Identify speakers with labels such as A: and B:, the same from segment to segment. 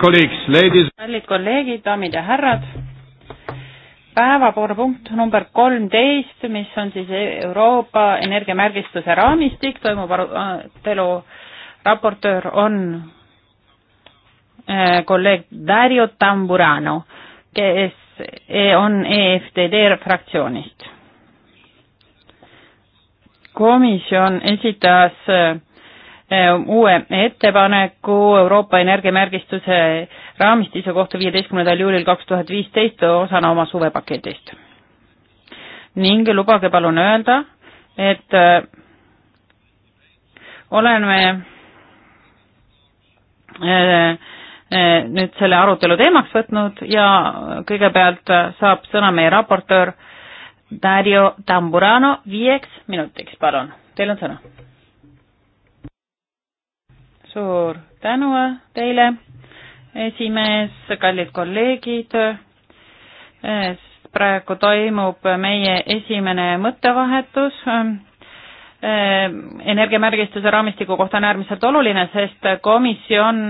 A: kallid
B: kolleegid, daamid ja härrad, päevakorrapunkt number kolmteist, mis on siis Euroopa energiamärgistuse raamistik, toimub arutelu, raportöör on äh, kolleeg Dario Tamburano, kes eh, on EFTD fraktsioonist. komisjon esitas äh, Äh, uue ettepaneku Euroopa energiamärgistuse raamistise kohta viieteistkümnendal juulil kaks tuhat viisteist osana oma suvepaketist. ning lubage palun öelda, et äh, oleme äh, nüüd selle arutelu teemaks võtnud ja kõigepealt saab sõna meie raportöör Dario Tamburano viieks minutiks, palun, teil on sõna suur tänu teile, esimees, kallid kolleegid. praegu toimub meie esimene mõttevahetus energiamärgistuse raamistiku kohta on äärmiselt oluline, sest komisjon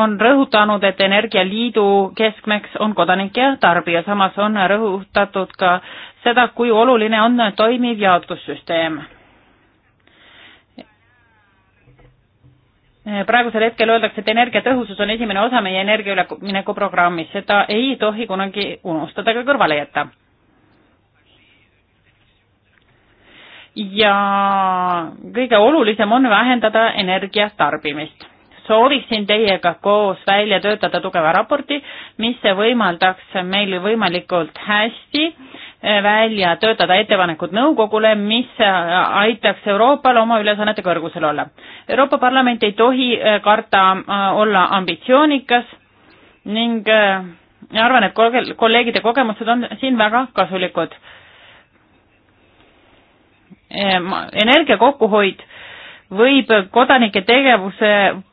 B: on rõhutanud, et Energialiidu keskmeks on kodanik ja tarbija, samas on rõhutatud ka seda, kui oluline on toimiv jaotussüsteem Eh, praegusel hetkel öeldakse, et energiatõhusus on esimene osa meie energiaülemineku programmis, seda ei tohi kunagi unustada ega kõrvale jätta. ja kõige olulisem on vähendada energia tarbimist. sooviksin teiega koos välja töötada tugeva raporti, mis võimaldaks meil võimalikult hästi Eh, välja töötada ettepanekud nõukogule, mis eh, aitaks Euroopal oma ülesannete kõrgusel olla. Euroopa Parlament ei tohi eh, karta olla ambitsioonikas ning arvan, et kolleegide kogemused on siin väga kasulikud. energia kokkuhoid võib kodanike tegevuse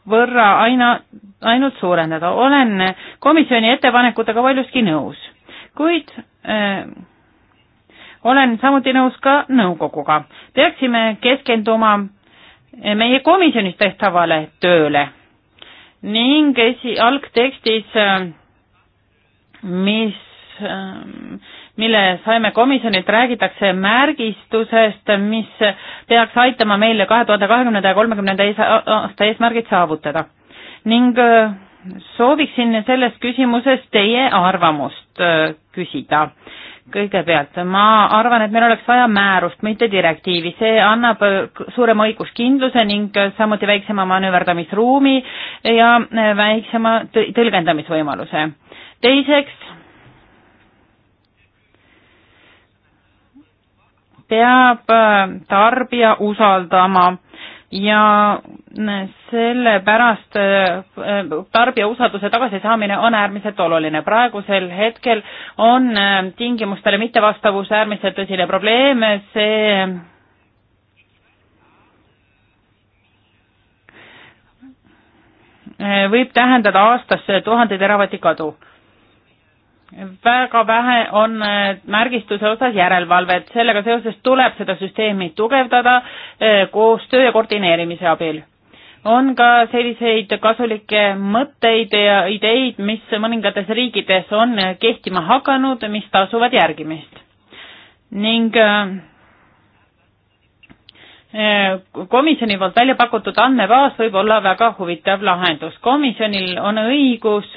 B: võrra aina, ainult suurendada. olen komisjoni ettepanekutega paljuski nõus, kuid äh, olen samuti nõus ka nõukoguga. peaksime keskenduma meie komisjonis tehtavale tööle ning esi-, algtekstis, mis, mille saime komisjonilt, räägitakse märgistusest, mis peaks aitama meil kahe tuhande kahekümnenda ja kolmekümnenda aasta eesmärgid saavutada. ning sooviksin selles küsimuses teie arvamust küsida kõigepealt ma arvan, et meil oleks vaja määrust, mitte direktiivi, see annab äh, suurema õiguskindluse ning äh, samuti väiksema manööverdamisruumi ja äh, väiksema tõlgendamisvõimaluse. teiseks peab tarbija usaldama ja sellepärast äh, äh, tarbija usalduse tagasisaamine on äärmiselt oluline. praegusel hetkel on äh, tingimustele mittevastavus äärmiselt tõsine probleem, see võib tähendada aastas tuhande teravati kadu. väga vähe on märgistuse osas järelevalvet, sellega seoses tuleb seda süsteemi tugevdada koostöö ja koordineerimise abil on ka selliseid kasulikke mõtteid ja ideid, mis mõningates riikides on kehtima hakanud, mis tasuvad järgimist. ning äh, komisjoni poolt välja pakutud andmebaas võib olla väga huvitav lahendus. komisjonil on õigus,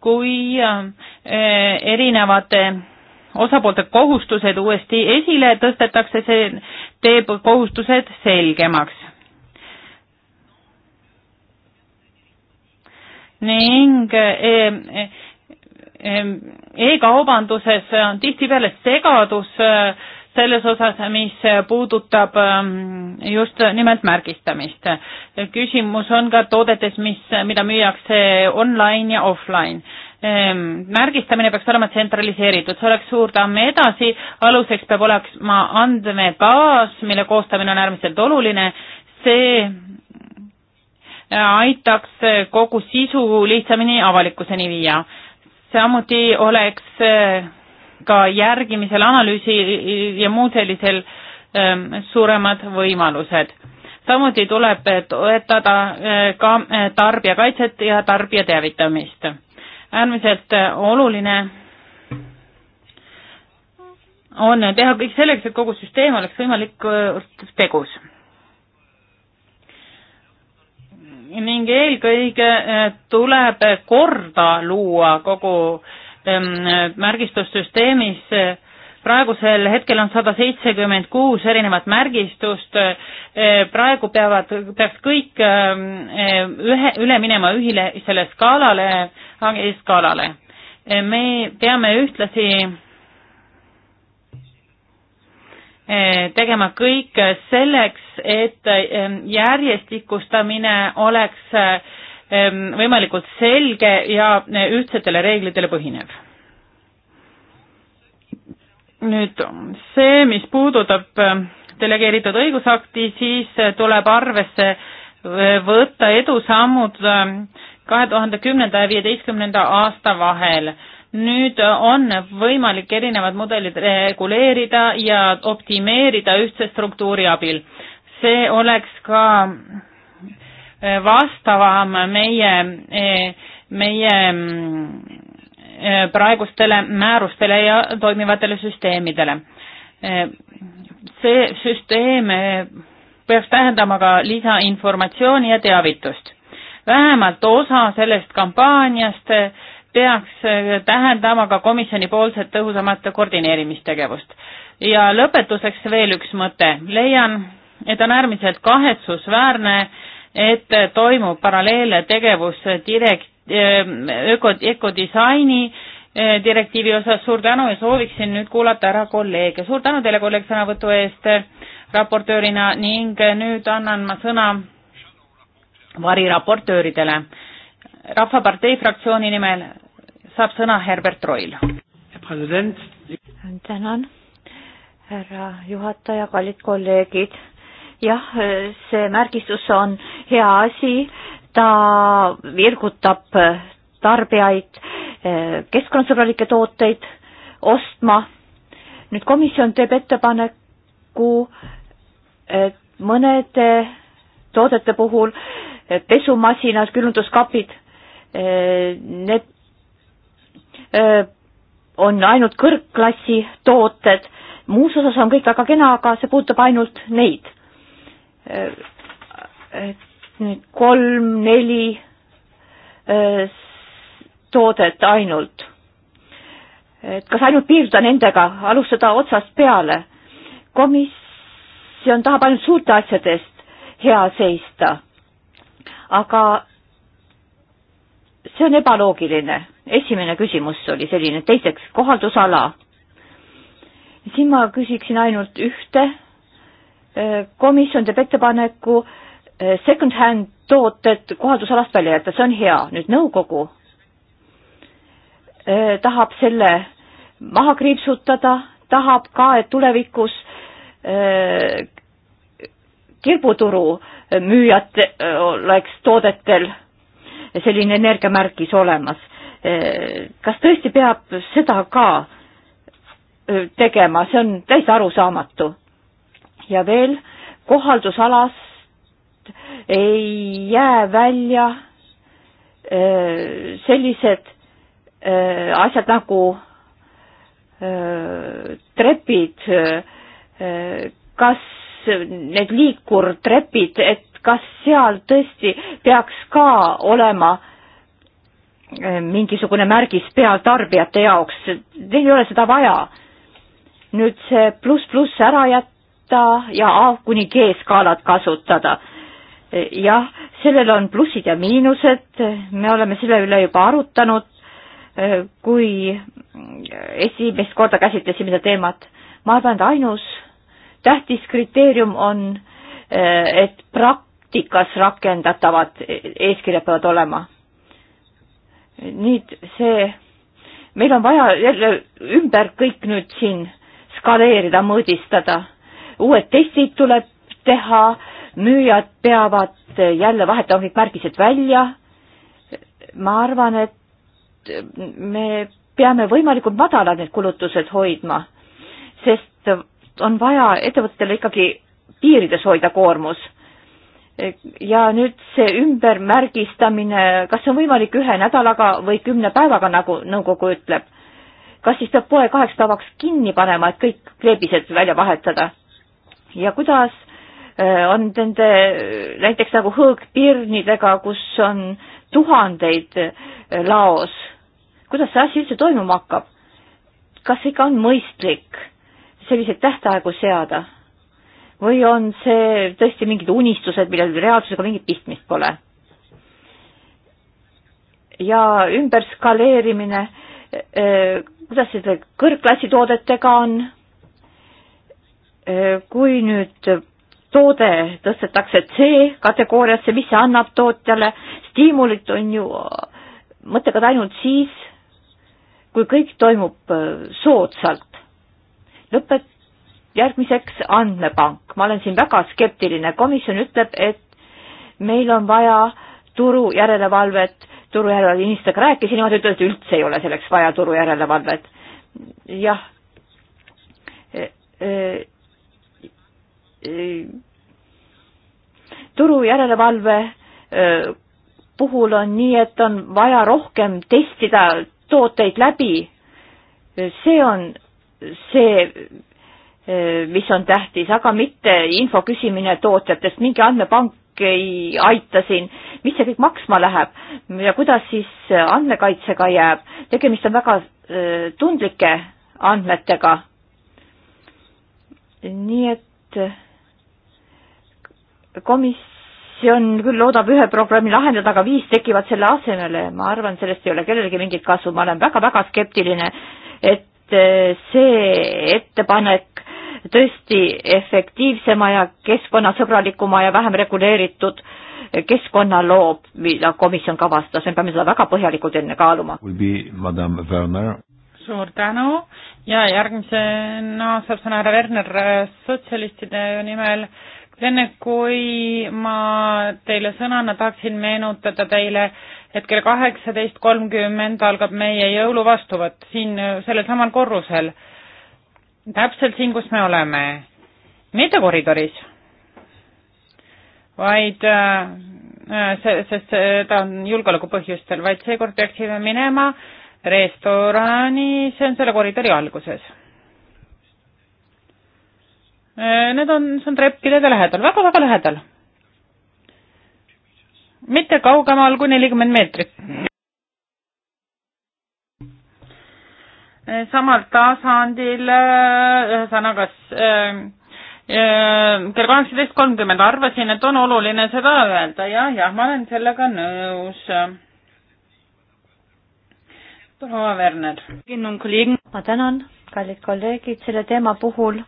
B: kui äh, erinevate osapoolte kohustused uuesti esile tõstetakse, see teeb kohustused selgemaks ning eh, eh, eh, e-kaubanduses e e on tihtipeale segadus selles osas, mis puudutab just nimelt märgistamist. küsimus on ka toodetes, mis, mida müüakse online ja offline märgistamine peaks olema tsentraliseeritud, see oleks suur tamm edasi, aluseks peab olema andmebaas, mille koostamine on äärmiselt oluline, see aitaks kogu sisu lihtsamini avalikkuseni viia. samuti oleks eh, ka järgimisel, analüüsil ja muud sellisel eh, suuremad võimalused. samuti tuleb toetada eh, ka tarbijakaitset ja tarbija teavitamist. äärmiselt oluline on teha kõik selleks, et kogu süsteem oleks võimalikult tegus ning eelkõige eh, tuleb korda luua kogu ehm, märgistussüsteemis. praegusel hetkel on sada seitsekümmend kuus erinevat märgistust, eh, praegu peavad, peaks kõik ehm, eh, ühe, üle minema ühisele skaalale, e skaalale. me peame ühtlasi Eh, tegema kõik selleks, et eh, järjestikustamine oleks eh, võimalikult selge ja ühtsetele reeglitele põhinev. nüüd see, mis puudutab delegeeritud õigusakti, siis tuleb arvesse võtta edusammud kahe tuhande kümnenda ja viieteistkümnenda aasta vahel nüüd äh, on võimalik erinevad mudelid reguleerida ja optimeerida ühtse struktuuri abil. see oleks ka äh, vastavam meie, äh, meie praegustele määrustele ja toimivatele süsteemidele. see süsteem peaks tähendama ka lisainformatsiooni ja teavitust. vähemalt osa sellest kampaaniast peaks äh, tähendama ka komisjoni poolset tõhusamat koordineerimistegevust. ja lõpetuseks veel üks mõte, leian, et on äärmiselt kahetsusväärne, et toimub paralleelne tegevus direkt-, äh, öko, ökodisaini äh, direktiivi osas, suur tänu ja sooviksin nüüd kuulata ära kolleege, suur tänu teile, kolleeg, sõnavõtu eest raportöörina ning nüüd annan ma sõna variraportööridele Rahvapartei
C: fraktsiooni nimel saab sõna Herbert Roil. president. tänan, härra juhataja, kallid kolleegid. jah, see märgistus on hea asi, ta virgutab tarbijaid keskkonnasõbralikke tooteid ostma. nüüd komisjon teeb ettepaneku, et mõnede toodete puhul pesumasinad, külmutuskapid Need on ainult kõrgklassi tooted, muus osas on kõik väga kena, aga see puudutab ainult neid. nüüd kolm-neli toodet ainult. et kas ainult piirduda nendega, alustada otsast peale? komisjon tahab ainult suurte asjade eest hea seista. aga see on ebaloogiline. esimene küsimus oli selline, teiseks kohaldusala. siin ma küsiksin ainult ühte. Äh, komisjon teeb ettepaneku äh, second-hand tooted kohaldusalast välja jätta, see on hea. nüüd nõukogu äh, tahab selle maha kriipsutada, tahab ka, et tulevikus kirguturu müüjad oleks toodetel selline energiamärgis olemas. kas tõesti peab seda ka tegema, see on täiesti arusaamatu. ja veel, kohaldusalast ei jää välja sellised asjad nagu trepid, kas need liikurtrepid, et kas seal tõesti peaks ka olema eh, mingisugune märgis peal tarbijate jaoks, neil ei ole seda vaja. nüüd see pluss-pluss ära jätta ja A kuni G skaalat kasutada. Eh, jah, sellel on plussid ja miinused, me oleme selle üle juba arutanud, eh, kui esimest korda käsitlesime seda teemat. ma arvan, et ainus tähtis kriteerium on, et prak-, praktikas rakendatavad e-, eeskirjad peavad olema. nüüd see, meil on vaja jälle ümber kõik nüüd siin skaleerida, mõõdistada, uued testid tuleb teha, müüjad peavad jälle vahetama kõik märgised välja. ma arvan, et me peame võimalikult madalad need kulutused hoidma, sest on vaja ettevõtetele ikkagi piirides hoida koormus ja nüüd see ümbermärgistamine, kas see on võimalik ühe nädalaga või kümne päevaga, nagu nõukogu ütleb? kas siis peab poe kaheks päevaks kinni panema, et kõik kleebised välja vahetada? ja kuidas äh, on nende äh, näiteks nagu hõõgpirnidega, kus on tuhandeid äh, laos, kuidas see asi üldse toimuma hakkab? kas ikka on mõistlik selliseid tähtaegu seada? või on see tõesti mingid unistused, millel reaalsusega mingit pistmist pole? ja ümberskaleerimine, e, kuidas see kõrgklassitoodetega on? E, kui nüüd toode tõstetakse C-kategooriasse, mis see annab tootjale, stiimulit on ju mõttekad ainult siis, kui kõik toimub e, soodsalt. lõpet-, järgmiseks andmepank, ma olen siin väga skeptiline, komisjon ütleb, et meil on vaja turu järelevalvet, turu järelevalve inimestega rääkisin, nemad ütlevad, et üldse ei ole selleks vaja turu järelevalvet. jah e,. E, e turu järelevalve öö, e, puhul on nii, et on vaja rohkem testida tooteid läbi. E, see on see, mis on tähtis, aga mitte info küsimine tootjatest, mingi andmepank ei aita siin, mis see kõik maksma läheb ja kuidas siis andmekaitsega jääb, tegemist on väga tundlike andmetega. nii et komisjon küll loodab ühe programmi lahendada, aga viis tekivad selle asemele, ma arvan, sellest ei ole kellelgi mingit kasu, ma olen väga-väga skeptiline, et see ettepanek tõesti efektiivsema ja keskkonnasõbralikuma ja vähem reguleeritud keskkonna loob, mida komisjon kavastas, me peame seda väga põhjalikult enne kaaluma. suur
B: tänu ja järgmisena no, saab sõna härra Werner sotsialistide nimel. enne kui ma teile sõna annan, tahaksin meenutada teile, et kell kaheksateist kolmkümmend algab meie jõuluvastuvõtt siin sellel samal korrusel täpselt siin, kus me oleme, mitte koridoris, vaid äh, äh, see, sest ta on julgeoleku põhjustel, vaid seekord peaksime minema restorani, see on selle koridori alguses. Äh, need on, see on treppide lähedal väga,, väga-väga lähedal. mitte kaugemal kui nelikümmend meetrit samal tasandil, äh, ühesõnaga äh, äh, kell kaheksateist kolmkümmend arvasin, et on oluline seda öelda ja, jah, ma olen sellega nõus.
C: proua Werner. ma tänan, kallid kolleegid, selle teema puhul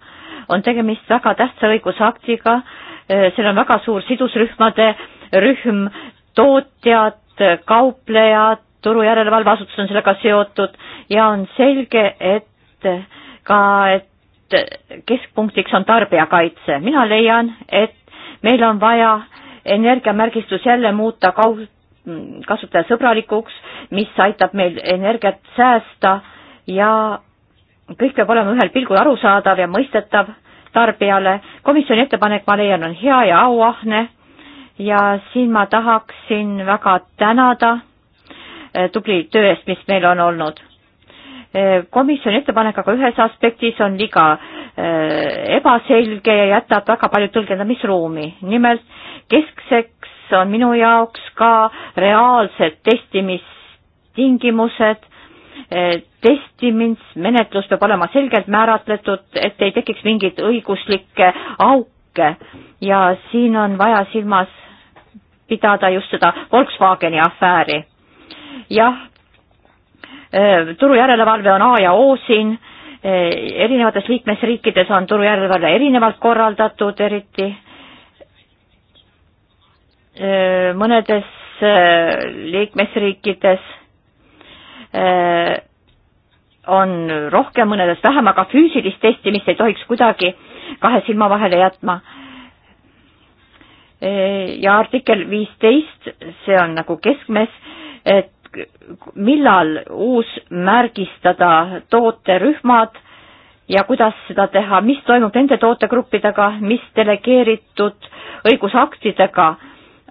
C: on tegemist väga tähtsa õigusaktiga, seal on väga suur sidusrühmade rühm, tootjad, kauplejad, turujärelevalveasutus on sellega seotud ja on selge, et ka, et keskpunktiks on tarbijakaitse. mina leian, et meil on vaja energiamärgistus jälle muuta kaug-, kasutajasõbralikuks, mis aitab meil energiat säästa ja kõik peab olema ühel pilgul arusaadav ja mõistetav tarbijale. komisjoni ettepanek, ma leian, on hea ja auahne ja siin ma tahaksin väga tänada Eh, tubli töö eest, mis meil on olnud. Eh, komisjoni ettepanek aga ühes aspektis on liiga eh, ebaselge ja jätab väga palju tõlgendamisruumi. nimelt keskseks on minu jaoks ka reaalsed testimistingimused, testimismenetlus peab olema selgelt määratletud, et ei tekiks mingeid õiguslikke auke ja siin on vaja silmas pidada just seda Volkswageni afääri jah, e, turu järelevalve on A ja O siin, e, erinevates liikmesriikides on turu järelevalve erinevalt korraldatud, eriti e, mõnedes liikmesriikides on rohkem, mõnedes vähem, aga füüsilist testimist ei tohiks kuidagi kahe silma vahele jätma. ja artikkel viisteist, see on nagu keskmes, et millal uus märgistada tooterühmad ja kuidas seda teha, mis toimub nende tootegruppidega, mis delegeeritud õigusaktidega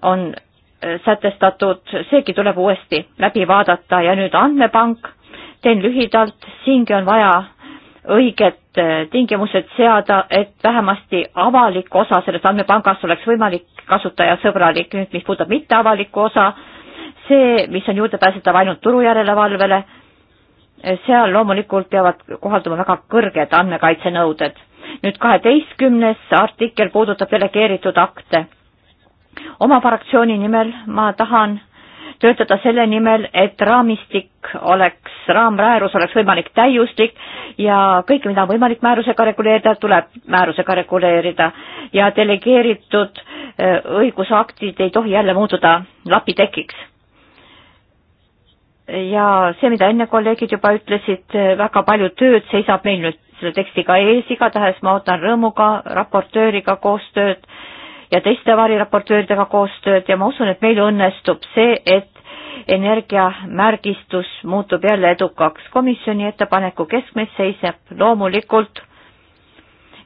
C: on äh, sätestatud, seegi tuleb uuesti läbi vaadata ja nüüd andmepank, teen lühidalt, siingi on vaja õiged äh, tingimused seada, et vähemasti avalik osa sellest andmepangast oleks võimalik kasutajasõbralik, nüüd mis puudutab mitteavalikku osa, see, mis on juurdepääsetav ainult turujärelevalvele, seal loomulikult peavad kohalduma väga kõrged andmekaitsenõuded. nüüd kaheteistkümnes artikkel puudutab delegeeritud akte. oma fraktsiooni nimel ma tahan töötada selle nimel, et raamistik oleks, raammäärus oleks võimalik täiuslik ja kõike, mida on võimalik määrusega reguleerida, tuleb määrusega reguleerida ja delegeeritud äh, õigusaktid ei tohi jälle muutuda lapitekiks ja see, mida enne kolleegid juba ütlesid, väga palju tööd seisab meil nüüd selle tekstiga ees, igatahes ma ootan rõõmuga raportööriga koostööd ja teiste variraportööridega koostööd ja ma usun, et meil õnnestub see, et energiamärgistus muutub jälle edukaks. komisjoni ettepaneku keskmes seisab loomulikult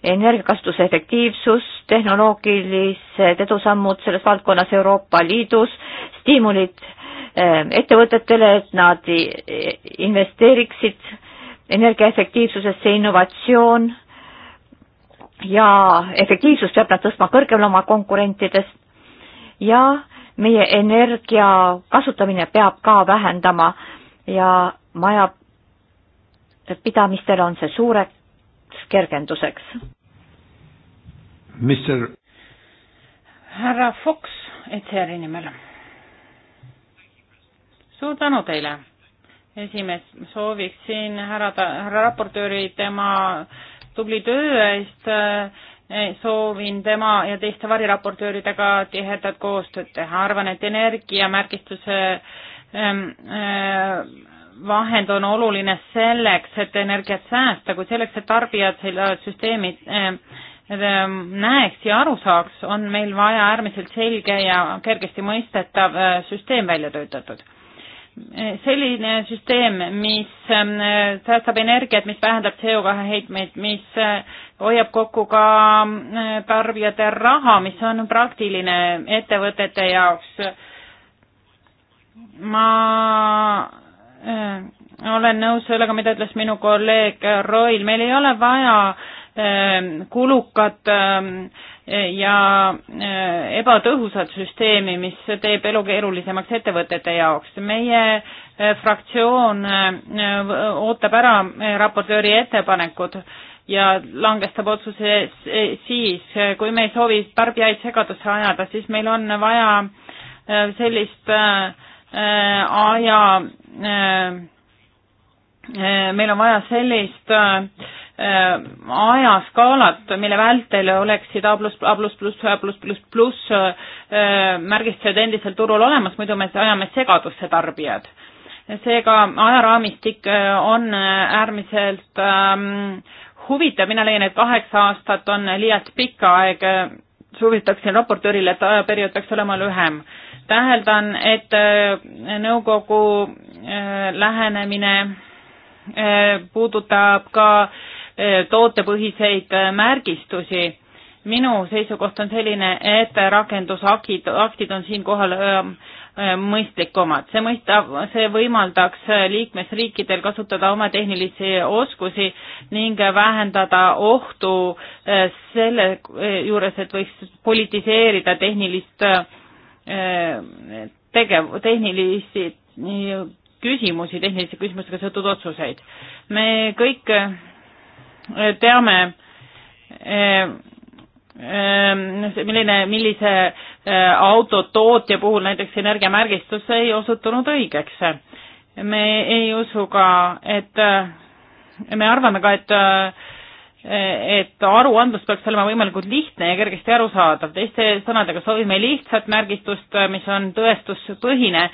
C: energiakasutuse efektiivsus, tehnoloogilised edusammud selles valdkonnas Euroopa Liidus, stiimulid äh, Ähm, ettevõtetele, et nad investeeriksid energiaefektiivsusesse, innovatsioon ja efektiivsus peab nad tõstma kõrgemale oma konkurentidest ja meie energia kasutamine peab ka vähendama ja majapidamistel on see suureks kergenduseks. Mister härra
B: Fox ECR-i nimel suur tänu teile, esimees, sooviksin härra, härra raportööri tema tubli töö eest, äh, soovin tema ja teiste variraportööridega tihedat koostööd teha, arvan, et energiamärgistuse ähm, äh, vahend on oluline selleks, et energiat säästa, kuid selleks, et tarbijad selle süsteemi ähm, ähm, näeks ja aru saaks, on meil vaja äärmiselt selge ja kergesti mõistetav äh, süsteem välja töötatud selline süsteem, mis ähm, säästab energiat, mis vähendab CO2 heitmeid, mis äh, hoiab kokku ka äh, tarbijate raha, mis on praktiline ettevõtete jaoks. ma äh, olen nõus sellega, mida ütles minu kolleeg Roil, meil ei ole vaja kulukat äh, ja eh, ebatõhusat süsteemi, mis teeb elu keerulisemaks ettevõtete jaoks. meie eh, fraktsioon eh, ootab ära raportööri ettepanekud ja langestab otsuse siis, kui me ei soovi tarbijaid segadusse ajada, siis meil on vaja sellist aja, meil on vaja sellist äh, Äh, ajaskaalat, mille vältel oleksid A pluss, A pluss pluss, A pluss pluss pluss äh, märgistused endiselt turul olemas, muidu me ajame segadusse tarbijad. seega ajaraamistik äh, on äärmiselt ähm, huvitav, mina leian, et kaheksa aastat on liialt pikk aeg, soovitaksin raportöörile, et ajaperiood peaks olema lühem. täheldan, et nõukogu lähenemine puudutab ka äh, Eh, tootepõhiseid eh, märgistusi. minu seisukoht on selline, et rakendusaktid, aktid on siinkohal ähm, äh, mõistlikumad. see mõista, see võimaldaks äh, liikmesriikidel kasutada oma tehnilisi oskusi ning vähendada ohtu äh, selle juures, et võiks politiseerida tehnilist tegev-, tehnilisi küsimusi, tehniliste küsimustega seotud otsuseid. me kõik Äh, teame, äh, äh, milline, millise autotootja puhul näiteks energiamärgistus ei osutunud õigeks. me ei usu ka, et, me arvame ka, et et aruandlus peaks olema võimalikult lihtne ja kergesti arusaadav, teiste sõnadega soovime lihtsat märgistust, mis on tõestuspõhine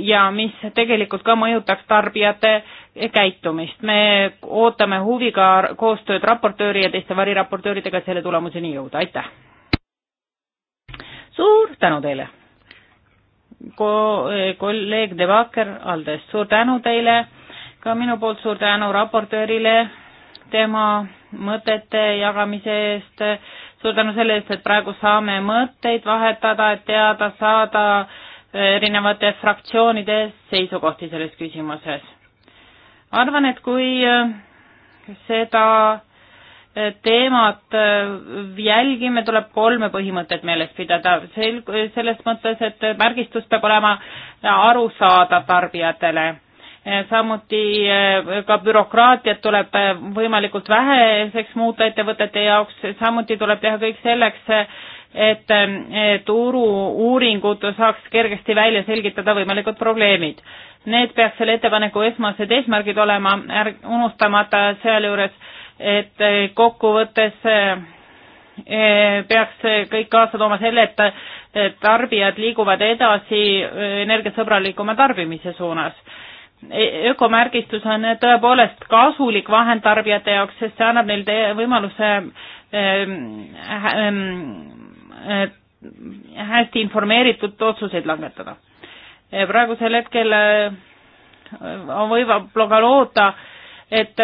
B: ja mis tegelikult ka mõjutaks tarbijate käitumist. me ootame huviga koostööd raportööri ja teiste variraportööridega, et selle tulemuseni jõuda, aitäh! suur tänu teile! Ko-, eh, kolleeg De Backer, Aldes, suur tänu teile, ka minu poolt suur tänu raportöörile tema mõtete jagamise eest, suur tänu selle eest, et praegu saame mõtteid vahetada, et teada saada eh, erinevate fraktsioonide seisukohti selles küsimuses arvan, et kui äh, seda äh, teemat äh, jälgime, tuleb kolme põhimõtet meeles pidada, sel-, selles mõttes, et märgistus peab olema arusaadav tarbijatele. samuti ka bürokraatiat tuleb võimalikult väheseks muuta ettevõtete jaoks, samuti tuleb teha kõik selleks, et turu-uuringud saaks kergesti välja selgitada võimalikud probleemid. Need peaks selle ettepaneku esmased eesmärgid olema, ärg-, unustamata sealjuures, et kokkuvõttes eh, peaks kõik kaasa tooma selle, et tarbijad liiguvad edasi energiasõbralikuma tarbimise suunas ökomärgistus on tõepoolest kasulik vahend tarbijate jaoks, sest see annab neile võimaluse eh, eh, Äh, hästi informeeritud otsuseid langetada. Äh, praegusel hetkel äh, võivad ka loota, et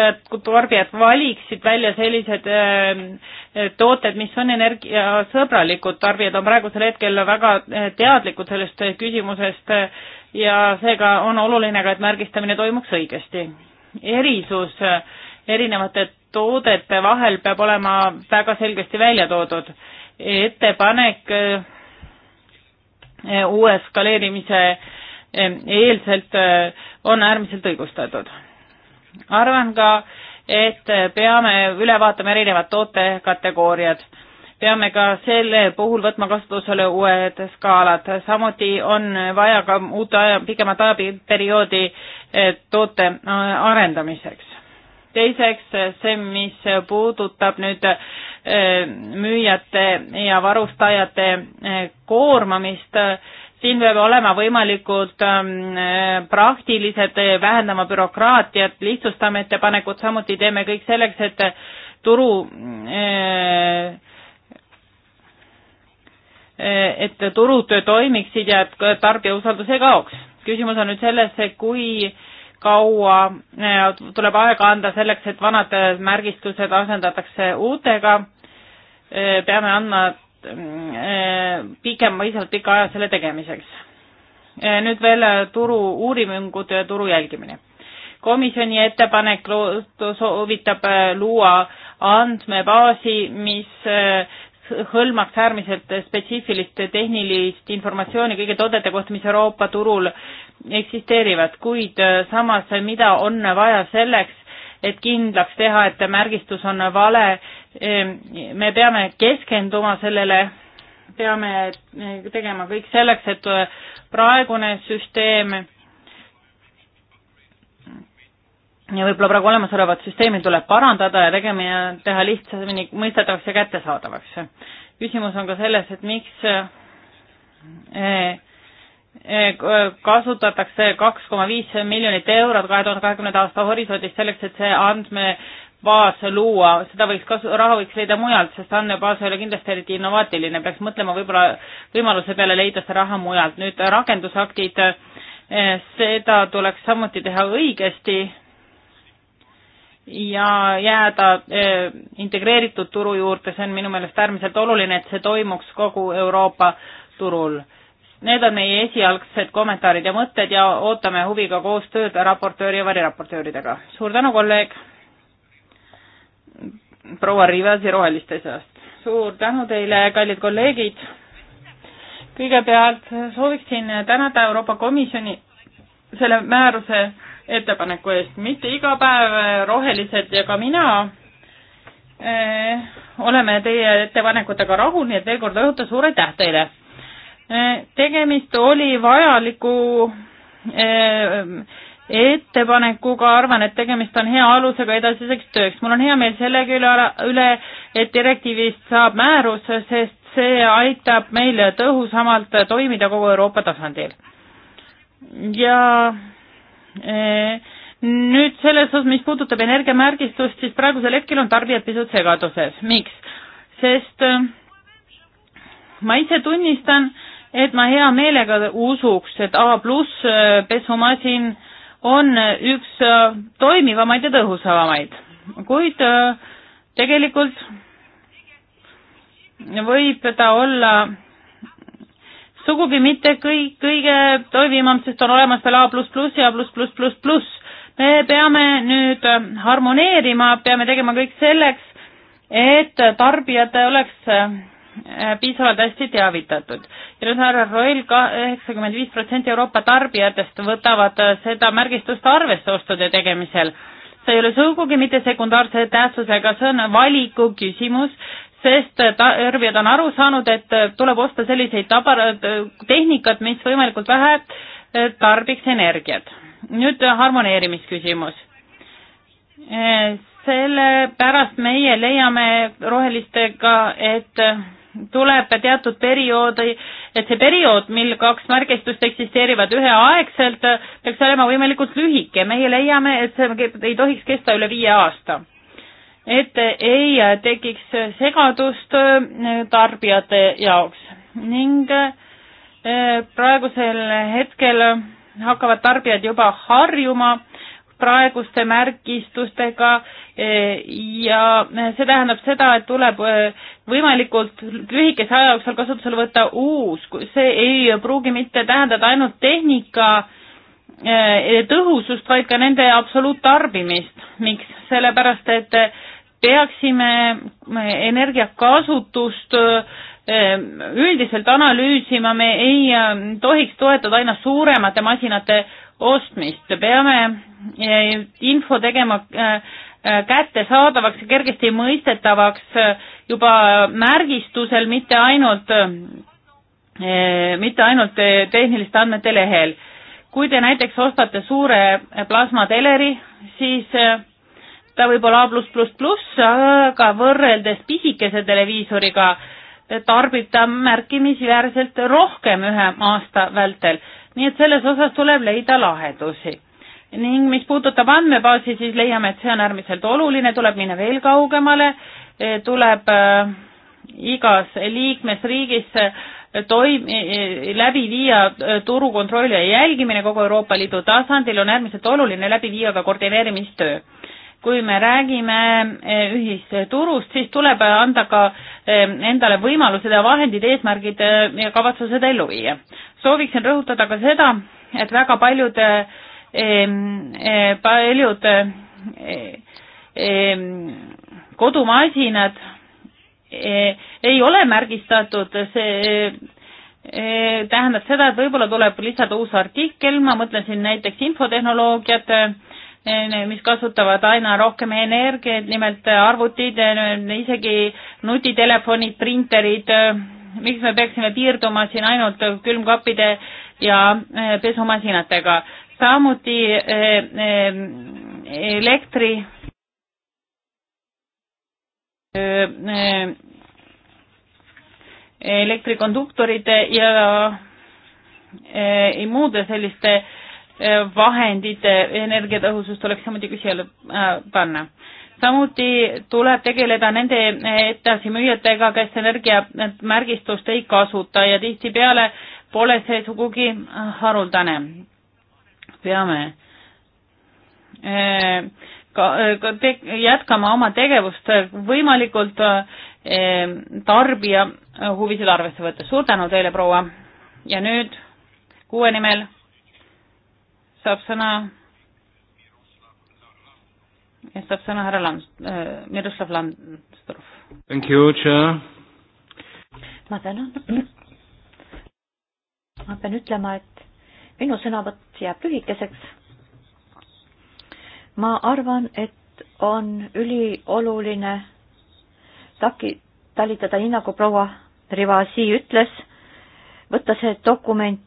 B: tarbijad valiksid välja sellised tooted, mis on energiasõbralikud, tarbijad on praegusel hetkel väga teadlikud sellest küsimusest ja seega on oluline ka, et märgistamine toimuks õigesti. erisus erinevate toodete vahel peab olema väga selgesti välja toodud ettepanek eh, uue skaleerimise eh, eelselt eh, on äärmiselt õigustatud. arvan ka, et peame üle vaatama erinevad tootekategooriad. peame ka selle puhul võtma kasutusele uued skaalad, samuti on vaja ka uut aja, pikemat ajaperioodi toote arendamiseks teiseks see, mis puudutab nüüd e, müüjate ja varustajate e, koormamist, siin peab olema võimalikult e, praktilised, vähendama bürokraatiat, lihtsustame ettepanekut, samuti teeme kõik selleks, et turu et turud toimiksid ja et tarbija usaldus ei kaoks. küsimus on nüüd selles, kui äh, kaua äh, tuleb aega anda selleks, et vanad märgistused asendatakse uutega, äh, peame andma äh, pikem, piisavalt pika aja selle tegemiseks. nüüd veel turu uurimingud ja turu jälgimine. komisjoni ettepanek soovitab luua andmebaasi, mis hõlmaks äärmiselt spetsiifilist tehnilist informatsiooni kõigi toodete kohta, mis Euroopa turul eksisteerivad, kuid äh, samas, äh, mida on vaja selleks, et kindlaks teha, et märgistus on vale, ähm, me peame keskenduma sellele, peame äh, tegema kõik selleks, et praegune süsteem ja võib-olla praegu olemasolevat süsteemi tuleb parandada ja tegemine, teha lihtsamini mõistetavaks ja kättesaadavaks. küsimus on ka selles, et miks Eh, eh, kasutatakse kaks koma viis miljonit eurot kahe tuhande kahekümnenda aasta horisondis selleks, et see andmebaas luua, seda võiks kasu, raha võiks leida mujalt, sest andmebaas ei ole kindlasti eriti innovaatiline, peaks mõtlema võib-olla võimaluse peale leida see raha mujalt. nüüd rakendusaktid, eh, seda tuleks samuti teha õigesti ja jääda integreeritud turu juurde, see on minu meelest äärmiselt oluline, et see toimuks kogu Euroopa turul Need on meie esialgsed kommentaarid ja mõtted ja ootame huviga koostööd raportööri ja variraportööridega. suur tänu, kolleeg proua Rivasi Roheliste seast. suur tänu teile, kallid kolleegid. kõigepealt sooviksin tänada Euroopa Komisjoni selle määruse ettepaneku eest, mitte iga päev rohelised ja ka mina eh, oleme teie ettepanekutega rahul, nii et veel kord rõhutan, suur aitäh teile Eh, tegemist oli vajaliku eh, ettepanekuga, arvan, et tegemist on hea alusega edasiseks tööks. mul on hea meel selle üle, et direktiivist saab määrus, sest see aitab meil tõhusamalt toimida kogu Euroopa tasandil. ja eh, nüüd selles osas, mis puudutab energiamärgistust, siis praegusel hetkel on tarbijad pisut segaduses. miks? sest ma ise tunnistan, et ma hea meelega usuks, et A pluss äh, pesumasin on üks äh, toimivamaid ja tõhusamaid, kuid äh, tegelikult võib ta olla sugugi mitte kõik, kõige toimivam, sest on olemas veel A pluss pluss ja pluss pluss pluss pluss. me peame nüüd harmoneerima, peame tegema kõik selleks, et tarbijatel oleks Äh, piisavalt hästi teavitatud. ja nüüd härra Roil, kaheksakümmend viis protsenti Euroopa tarbijatest võtavad äh, seda märgistust arvesse ostude tegemisel. see ei ole sugugi mitte sekundaarse tähtsusega, see on valiku küsimus, sest äh, tarbijad on aru saanud, et tuleb osta selliseid taba-, tehnikat, mis võimalikult vähe tarbiks energiat. nüüd harmoneerimisküsimus sellepärast meie leiame rohelistega, et tuleb teatud perioodi, et see periood, mil kaks märgistust eksisteerivad üheaegselt, peaks olema võimalikult lühike. meie leiame, et see ei tohiks kesta üle viie aasta. et ei tekiks segadust äh, tarbijate jaoks ning äh, praegusel hetkel hakkavad tarbijad juba harjuma praeguste märgistustega eh, ja eh, see tähendab seda, et tuleb eh, võimalikult lühikese aja jooksul kasutusele võtta uus, see ei pruugi mitte tähendada ainult tehnika tõhusust, vaid ka nende absoluuttarbimist. miks? sellepärast, et peaksime energiakasutust äh, Ehm, üldiselt analüüsima, me ei ähm, tohiks toetada aina suuremate masinate ostmist, peame eh, info tegema äh, äh, kättesaadavaks ja kergesti mõistetavaks äh, juba märgistusel, mitte ainult, mitte ainult tehniliste andmete lehel. kui te näiteks ostate suure plasmateleri, siis ta võib olla A++, aga võrreldes pisikese televiisoriga äh, tarbib ta märkimisväärselt rohkem ühe aasta vältel, nii et selles osas tuleb leida lahendusi. ning mis puudutab andmebaasi, siis leiame, et see on äärmiselt oluline, tuleb minna veel kaugemale, e, tuleb e, igas liikmesriigis e, toim-, läbi viia turukontrolli ja jälgimine kogu Euroopa Liidu tasandil on äärmiselt oluline läbi viia ka koordineerimistöö kui me räägime e, ühisturust, siis tuleb anda ka e, endale võimalused ja vahendid, eesmärgid e, ja kavatsused ellu viia. sooviksin rõhutada ka seda, et väga paljud, paljud kodumasinad ei ole märgistatud, see tähendab seda, et võib-olla tuleb lisada uus artikkel, ma mõtlen siin näiteks infotehnoloogiat, mis kasutavad aina rohkem energiat, nimelt arvutid, isegi nutitelefonid, printerid, miks me peaksime piirduma siin ainult külmkappide ja eh, pesumasinatega. samuti eh, eh, elektri elektrikonduktorite ja muude selliste Äh, vahendite äh, energiatõhusust tuleks samuti küsi alla äh, panna. samuti tuleb tegeleda nende edasimüüjatega, kes energiamärgistust ei kasuta ja tihtipeale pole see sugugi haruldane. peame ka, ka te, jätkama oma tegevust võimalikult eh, tarbija huvisid arvesse võttes. suur tänu teile, proua. ja nüüd kuue nimel saab sõna ja saab sõna härra Land- äh,, Miroslav Landstorf. Thank you, Chair.
C: ma tänan. ma pean ütlema, et minu sõnavõtt jääb lühikeseks. ma arvan, et on ülioluline taki-, talitada nii, nagu proua Rivasi ütles, võtta see dokument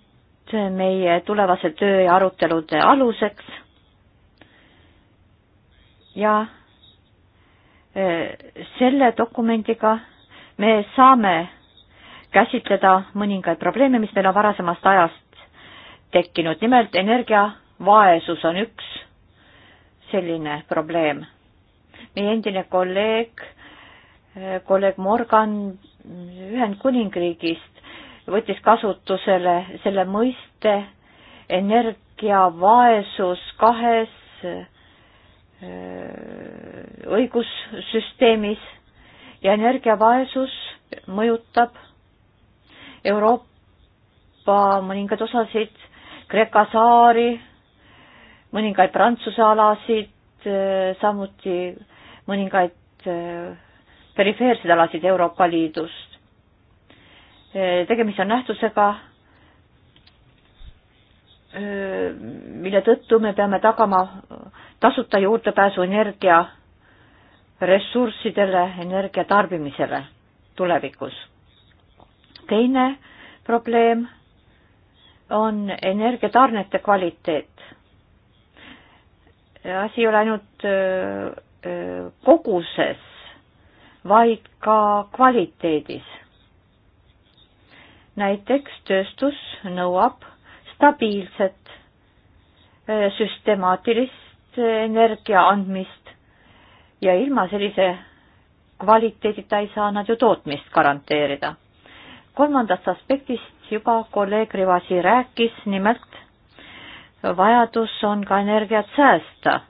C: meie tulevase töö ja arutelude aluseks ja äh, selle dokumendiga me saame käsitleda mõningaid probleeme, mis meil on varasemast ajast tekkinud, nimelt energiavaesus on üks selline probleem. meie endine kolleeg, äh, kolleeg Morgan Ühendkuningriigist võttis kasutusele selle mõiste energiavaesus kahes äh, õigussüsteemis ja energiavaesus mõjutab Euroopa mõningaid osasid, Kreeka saari, mõningaid Prantsuse alasid, äh, samuti mõningaid äh, perifeerseid alasid Euroopa Liidus tegemist on nähtusega, mille tõttu me peame tagama tasuta juurdepääsu energia ressurssidele, energia tarbimisele tulevikus. teine probleem on energiatarnete kvaliteet. asi ei ole ainult koguses, vaid ka kvaliteedis näiteks tööstus nõuab stabiilset äh, süstemaatilist äh, energia andmist ja ilma sellise kvaliteedita ei saa nad ju tootmist garanteerida. kolmandast aspektist juba kolleeg Rivasi rääkis, nimelt vajadus on ka energiat säästa.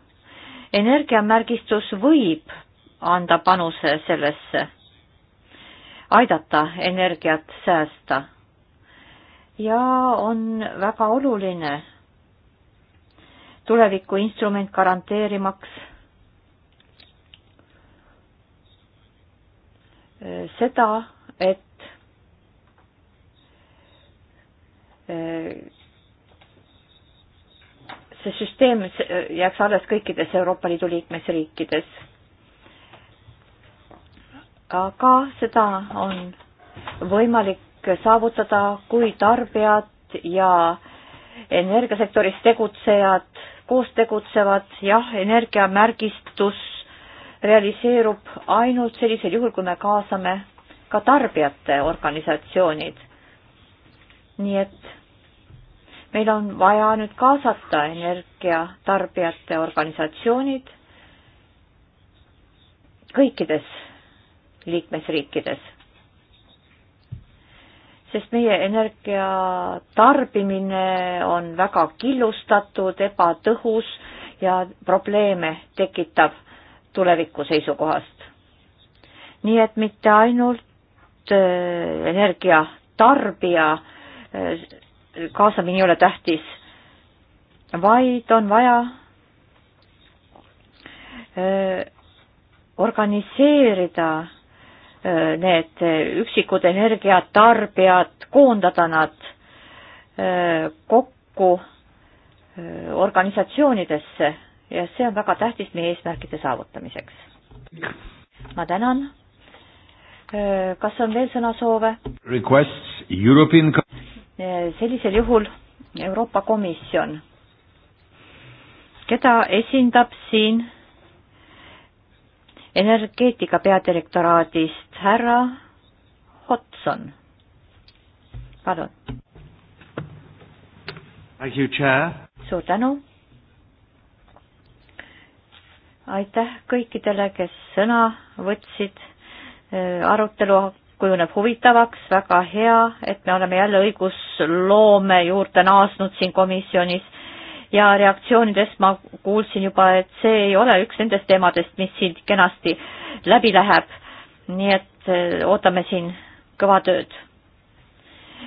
C: energiamärgistus võib anda panuse sellesse, aidata energiat säästa ja on väga oluline tulevikuinstrument garanteerimaks seda, et eh, see süsteem jääks alles kõikides Euroopa Liidu liikmesriikides. aga seda on võimalik eesmärk saavutada, kui tarbijad ja energiasektoris tegutsejad koos tegutsevad, jah, energiamärgistus realiseerub ainult sellisel juhul, kui me kaasame ka tarbijate organisatsioonid. nii et meil on vaja nüüd kaasata energiatarbijate organisatsioonid kõikides liikmesriikides sest meie energia tarbimine on väga killustatud, ebatõhus ja probleeme tekitav tuleviku seisukohast. nii et mitte ainult äh, energia tarbija äh, kaasamine ei ole tähtis, vaid on vaja äh, organiseerida need üksikud energiatarbijad, koondada nad äh, kokku äh, organisatsioonidesse ja see on väga tähtis meie eesmärkide saavutamiseks. ma tänan. Äh, kas on veel sõnasoove? European... sellisel juhul Euroopa Komisjon, keda esindab siin energeetika peadirektoraadist härra Hotson. palun. suur tänu. aitäh kõikidele, kes sõna võtsid. Äh, arutelu kujuneb huvitavaks, väga hea, et me oleme jälle õigusloome juurde naasnud siin komisjonis ja reaktsioonidest ma kuulsin juba, et see ei ole üks nendest teemadest, mis siin kenasti läbi läheb. nii et eh, ootame siin kõva tööd.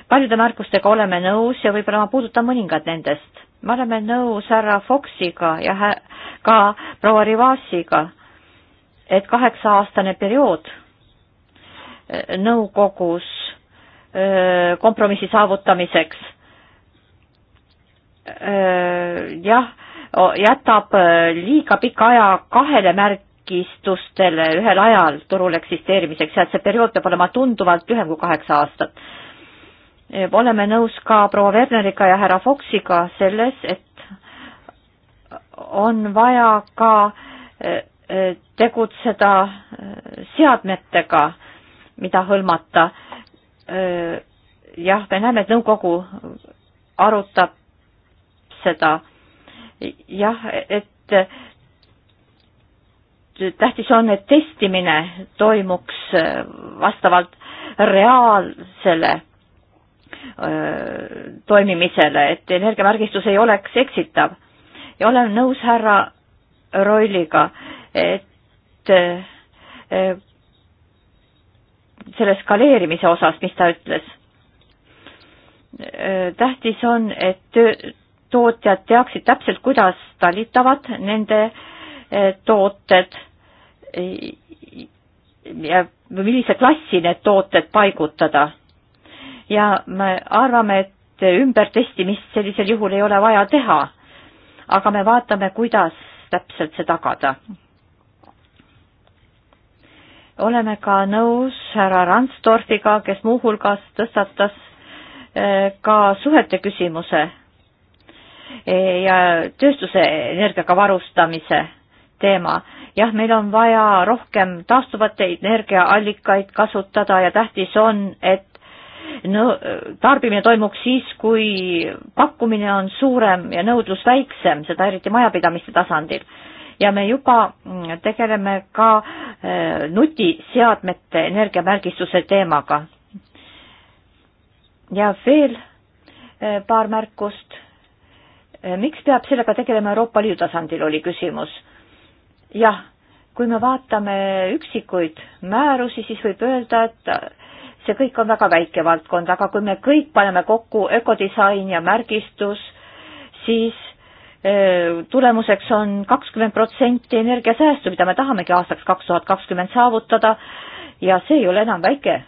C: paljude märkustega oleme nõus ja võib-olla ma puudutan mõningad nendest. me oleme nõus härra Foxiga ja hä ka proua Rivasiga, et kaheksa-aastane periood eh, nõukogus eh, kompromissi saavutamiseks Äh, jah, jätab äh, liiga pika aja kahele märgistustele ühel ajal turul eksisteerimiseks ja et see periood peab olema tunduvalt lühem kui kaheksa aastat. Äh, oleme nõus ka proua Werneriga ja härra Foxiga selles, et on vaja ka tegutseda seadmetega, mida hõlmata. jah, me näeme, et nõukogu arutab seda. jah, et tähtis on, et testimine toimuks vastavalt reaalsele öö, toimimisele, et energiamärgistus ei oleks eksitav. ja olen nõus härra Roiliga, et öö, selle skaleerimise osas, mis ta ütles. tähtis on, et töö, tootjad teaksid täpselt, kuidas talitavad nende eh, tooted eh, ja millise klassi need tooted paigutada. ja me arvame, et ümbertestimist sellisel juhul ei ole vaja teha, aga me vaatame, kuidas täpselt see tagada. oleme ka nõus härra Randstorfiga, kes muuhulgas tõstatas eh, ka suhete küsimuse ja tööstuse energiaga varustamise teema. jah, meil on vaja rohkem taastuvate energiaallikaid kasutada ja tähtis on, et no tarbimine toimuks siis, kui pakkumine on suurem ja nõudlus väiksem, seda eriti majapidamiste tasandil. ja me juba tegeleme ka eh, nutiseadmete energiamärgistuse teemaga. ja veel eh, paar märkust Eh, miks peab sellega tegelema Euroopa Liidu tasandil, oli küsimus. jah, kui me vaatame üksikuid määrusi, siis võib öelda, et see kõik on väga väike valdkond, aga kui me kõik paneme kokku ökodisain ja märgistus, siis eh, tulemuseks on kakskümmend protsenti energiasäästu, mida me tahamegi aastaks kaks tuhat kakskümmend saavutada ja see ei ole enam väike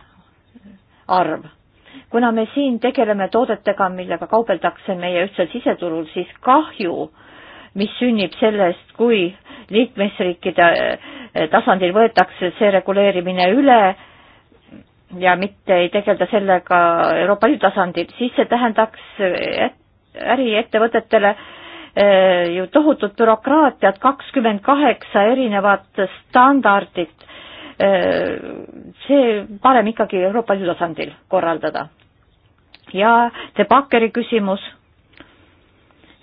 C: arv kuna me siin tegeleme toodetega, millega kaubeldakse meie ühtsel siseturul, siis kahju, mis sünnib sellest, kui liikmesriikide eh, tasandil võetakse see reguleerimine üle ja mitte ei tegelda sellega Euroopa Liidu tasandil, siis see tähendaks äriettevõtetele eh, ju tohutut bürokraatiat, kakskümmend kaheksa erinevat standardit Äh, see parem ikkagi Euroopa Liidu tasandil korraldada. ja De Bakkeri küsimus,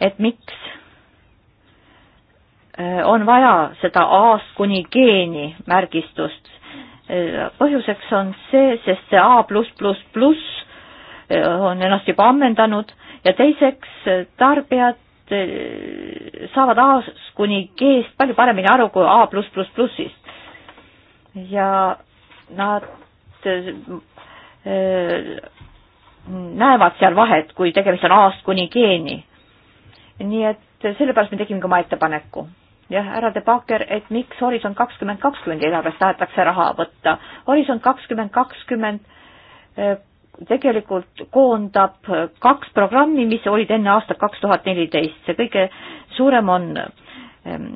C: et miks äh, on vaja seda A-st kuni G-ni märgistust. Äh, põhjuseks on see, sest see A pluss pluss pluss on ennast juba ammendanud ja teiseks tarbijad saavad A-st kuni G-st palju paremini aru kui A pluss pluss plussist ja nad äh, näevad seal vahet, kui tegemist on A-st kuni G-ni. nii et sellepärast me tegime ka oma ettepaneku. jah, härra De Backer, et miks Horisont kakskümmend kakskümmend eelarvest tahetakse raha võtta. Horisont kakskümmend kakskümmend äh, tegelikult koondab kaks programmi, mis olid enne aastat kaks tuhat neliteist, see kõige suurem on ähm,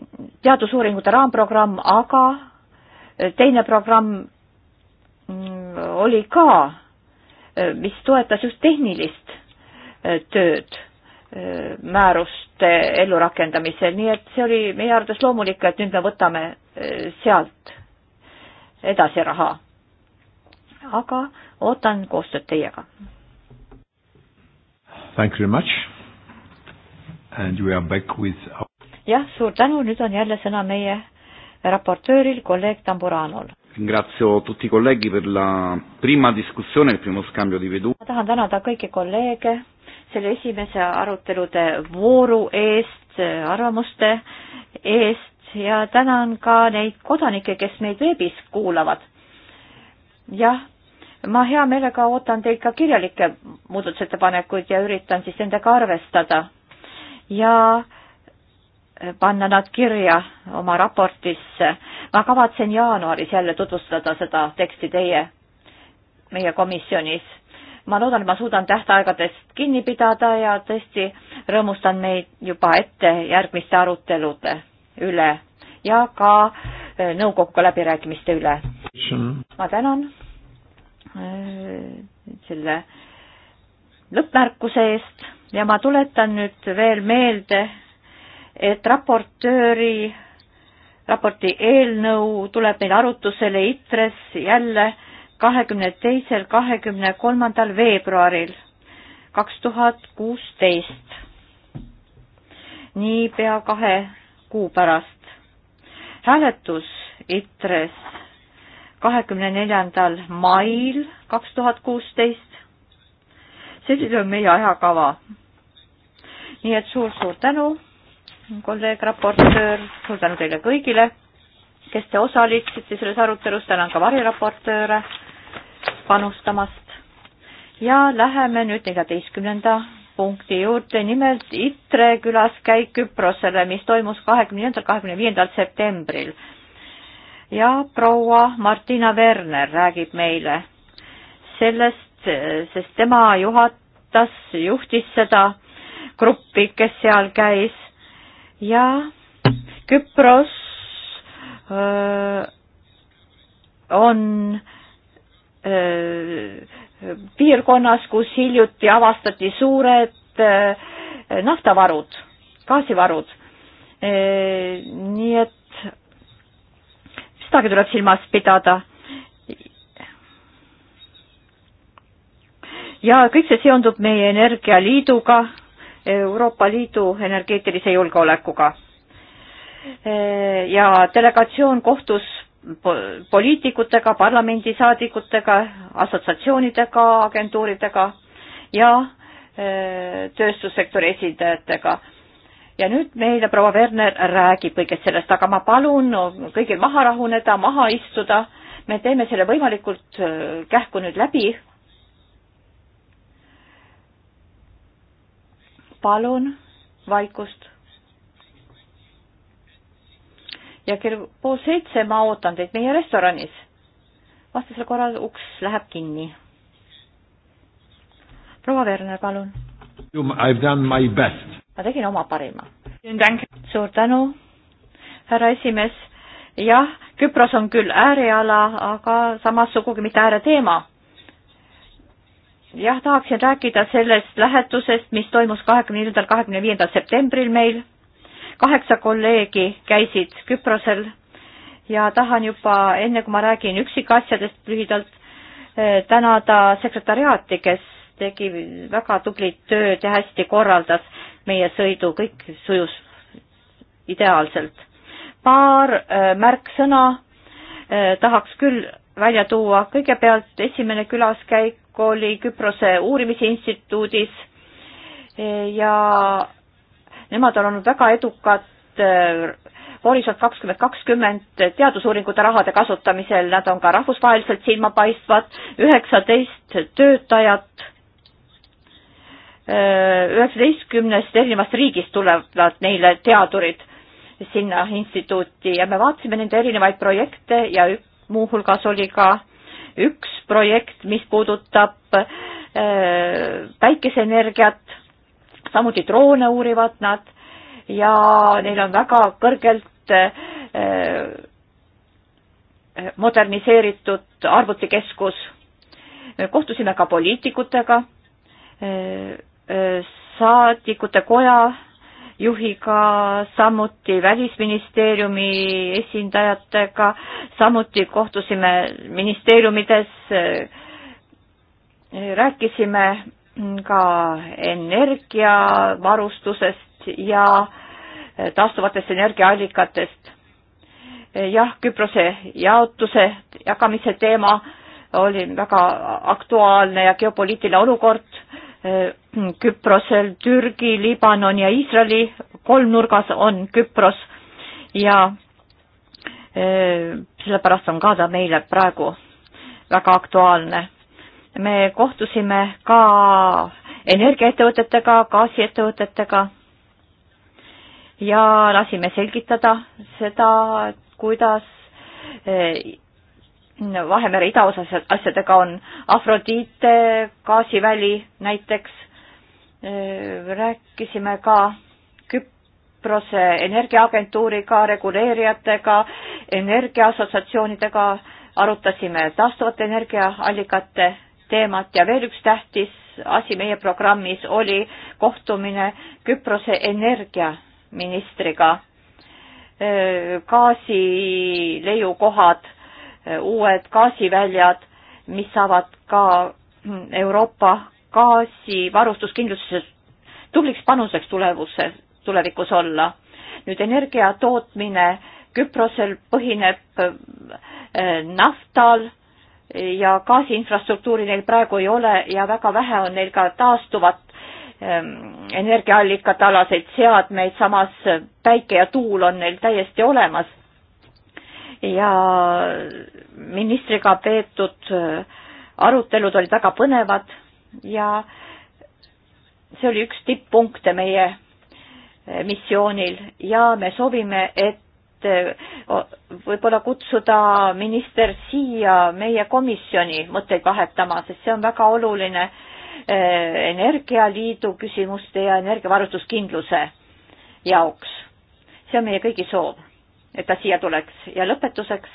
C: teadusuuringute raamprogramm, aga teine programm mm, oli ka, äh, mis toetas just tehnilist äh, tööd äh, määruste ellurakendamisel, nii et see oli meie arvates loomulik, et nüüd me võtame sealt edasi raha. aga ootan koostööd teiega. Thank you very much and we are back with jah, suur tänu, nüüd on jälle sõna meie raportööril, kolleeg Tamburanol. Ringrazio tutti i
B: colleghi per la prima discussione, il primo scambio di vedute.
C: ma tahan tänada kõiki kolleege selle esimese arutelude vooru eest, arvamuste eest ja tänan ka neid kodanikke, kes meid veebis kuulavad. jah, ma hea meelega ootan teilt ka kirjalikke muudatusettepanekuid ja üritan siis nendega arvestada. ja äh, panna nad kirja oma raportisse. ma kavatsen jaanuaris jälle tutvustada seda teksti teie, meie komisjonis. ma loodan, et ma suudan tähtaegadest kinni pidada ja tõesti rõõmustan meid juba ette järgmiste arutelude üle ja ka e, nõukoguga läbirääkimiste üle. ma tänan e, selle lõppmärkuse eest ja ma tuletan nüüd veel meelde, et raportööri, raporti eelnõu tuleb meil arutusele ITRES jälle kahekümne teisel, kahekümne kolmandal veebruaril kaks tuhat kuusteist. niipea kahe kuu pärast. hääletus ITRES kahekümne neljandal mail kaks tuhat kuusteist. selline on meie ajakava. nii et suur-suur tänu kolleeg raportöör, suur tänu teile kõigile, kes te osalesite selles arutelus, tänan ka variraportööre panustamast. ja läheme nüüd neljateistkümnenda punkti juurde, nimelt Itre külaskäik Küprosele, mis toimus kahekümne neljandal, kahekümne viiendal septembril. ja proua Martina Werner räägib meile sellest, sest tema juhatas, juhtis seda gruppi, kes seal käis ja Küpros öö, äh, on öö, äh, piirkonnas, kus hiljuti avastati suured öö, äh, naftavarud, gaasivarud. nii et sedagi tuleb silmas pidada ja kõik see seondub meie energialiiduga, Euroopa Liidu energeetilise julgeolekuga. ja delegatsioon kohtus poliitikutega, parlamendisaadikutega, assotsiatsioonidega, agentuuridega ja äh, tööstussektori esindajatega. ja nüüd meile proua Werner räägib kõigest sellest, aga ma palun no, kõigil maha rahuneda, maha istuda. me teeme selle võimalikult äh, kähku nüüd läbi palun vaikust. ja kell pool seitse ma ootan teid meie restoranis. vastasel korral uks läheb kinni. proua Werner, palun. ma tegin oma parima. suur tänu, härra esimees. jah, Küpros on küll ääreala, aga samas sugugi mitte ääreteema jah, tahaksin rääkida sellest lähetusest, mis toimus kahekümne neljandal, kahekümne viiendal septembril meil. kaheksa kolleegi käisid Küprosel ja tahan juba enne, kui ma räägin üksikasjadest lühidalt, eh, tänada sekretäriaati, kes tegi väga tublit tööd ja hästi korraldas meie sõidu, kõik sujus ideaalselt. paar äh, märksõna äh, tahaks küll välja tuua, kõigepealt esimene külaskäik oli Küprose uurimisinstituudis ja nemad on olnud väga edukad eh, Horisont kakskümmend kakskümmend teadusuuringute rahade kasutamisel, nad on ka rahvusvaheliselt silmapaistvad, üheksateist töötajat eh, üheksateistkümnest erinevast riigist tulevad neile teadurid sinna instituuti ja me vaatasime nende erinevaid projekte ja muuhulgas oli ka üks projekt, mis puudutab äh, päikeseenergiat, samuti droone uurivad nad ja neil on väga kõrgelt äh, äh, moderniseeritud arvutikeskus. kohtusime ka poliitikutega, saadikute koja juhiga, samuti Välisministeeriumi esindajatega, samuti kohtusime ministeeriumides, rääkisime ka energiavarustusest ja taastuvatest energiaallikatest. jah, Küprose jaotuse jagamise teema oli väga aktuaalne ja geopoliitiline olukord Küprosel, Türgi, Liibanon ja Iisraeli kolmnurgas on Küpros ja e, sellepärast on ka ta meile praegu väga aktuaalne. me kohtusime ka energiaettevõtetega, gaasiettevõtetega ja lasime selgitada seda, kuidas e, Vahemere idaosas asjadega on Afrodite gaasiväli näiteks. Äh, rääkisime ka Küprose energiaagentuuriga, reguleerijatega, energiaassotsiatsioonidega, arutasime taastuvate energiaallikate teemat ja veel üks tähtis asi meie programmis oli kohtumine Küprose energiaministriga. Äh, gaasileiukohad Eh, uued gaasiväljad, mis saavad ka mm, Euroopa gaasivarustuskindlustuses tubliks panuseks tulevuses, tulevikus olla. nüüd energia tootmine Küprosel põhineb eh, naftal ja gaasiinfrastruktuuri neil praegu ei ole ja väga vähe on neil ka taastuvat ehm, energiaallikate alaseid seadmeid, samas päike ja tuul on neil täiesti olemas ja ministriga peetud äh, arutelud olid väga põnevad ja see oli üks tipppunkte meie äh, missioonil ja me soovime, et äh, võib-olla kutsuda minister siia meie komisjoni mõtteid vahetama, sest see on väga oluline energialiidu küsimuste ja energiavarustuskindluse jaoks. see on meie kõigi soov et ta siia tuleks ja lõpetuseks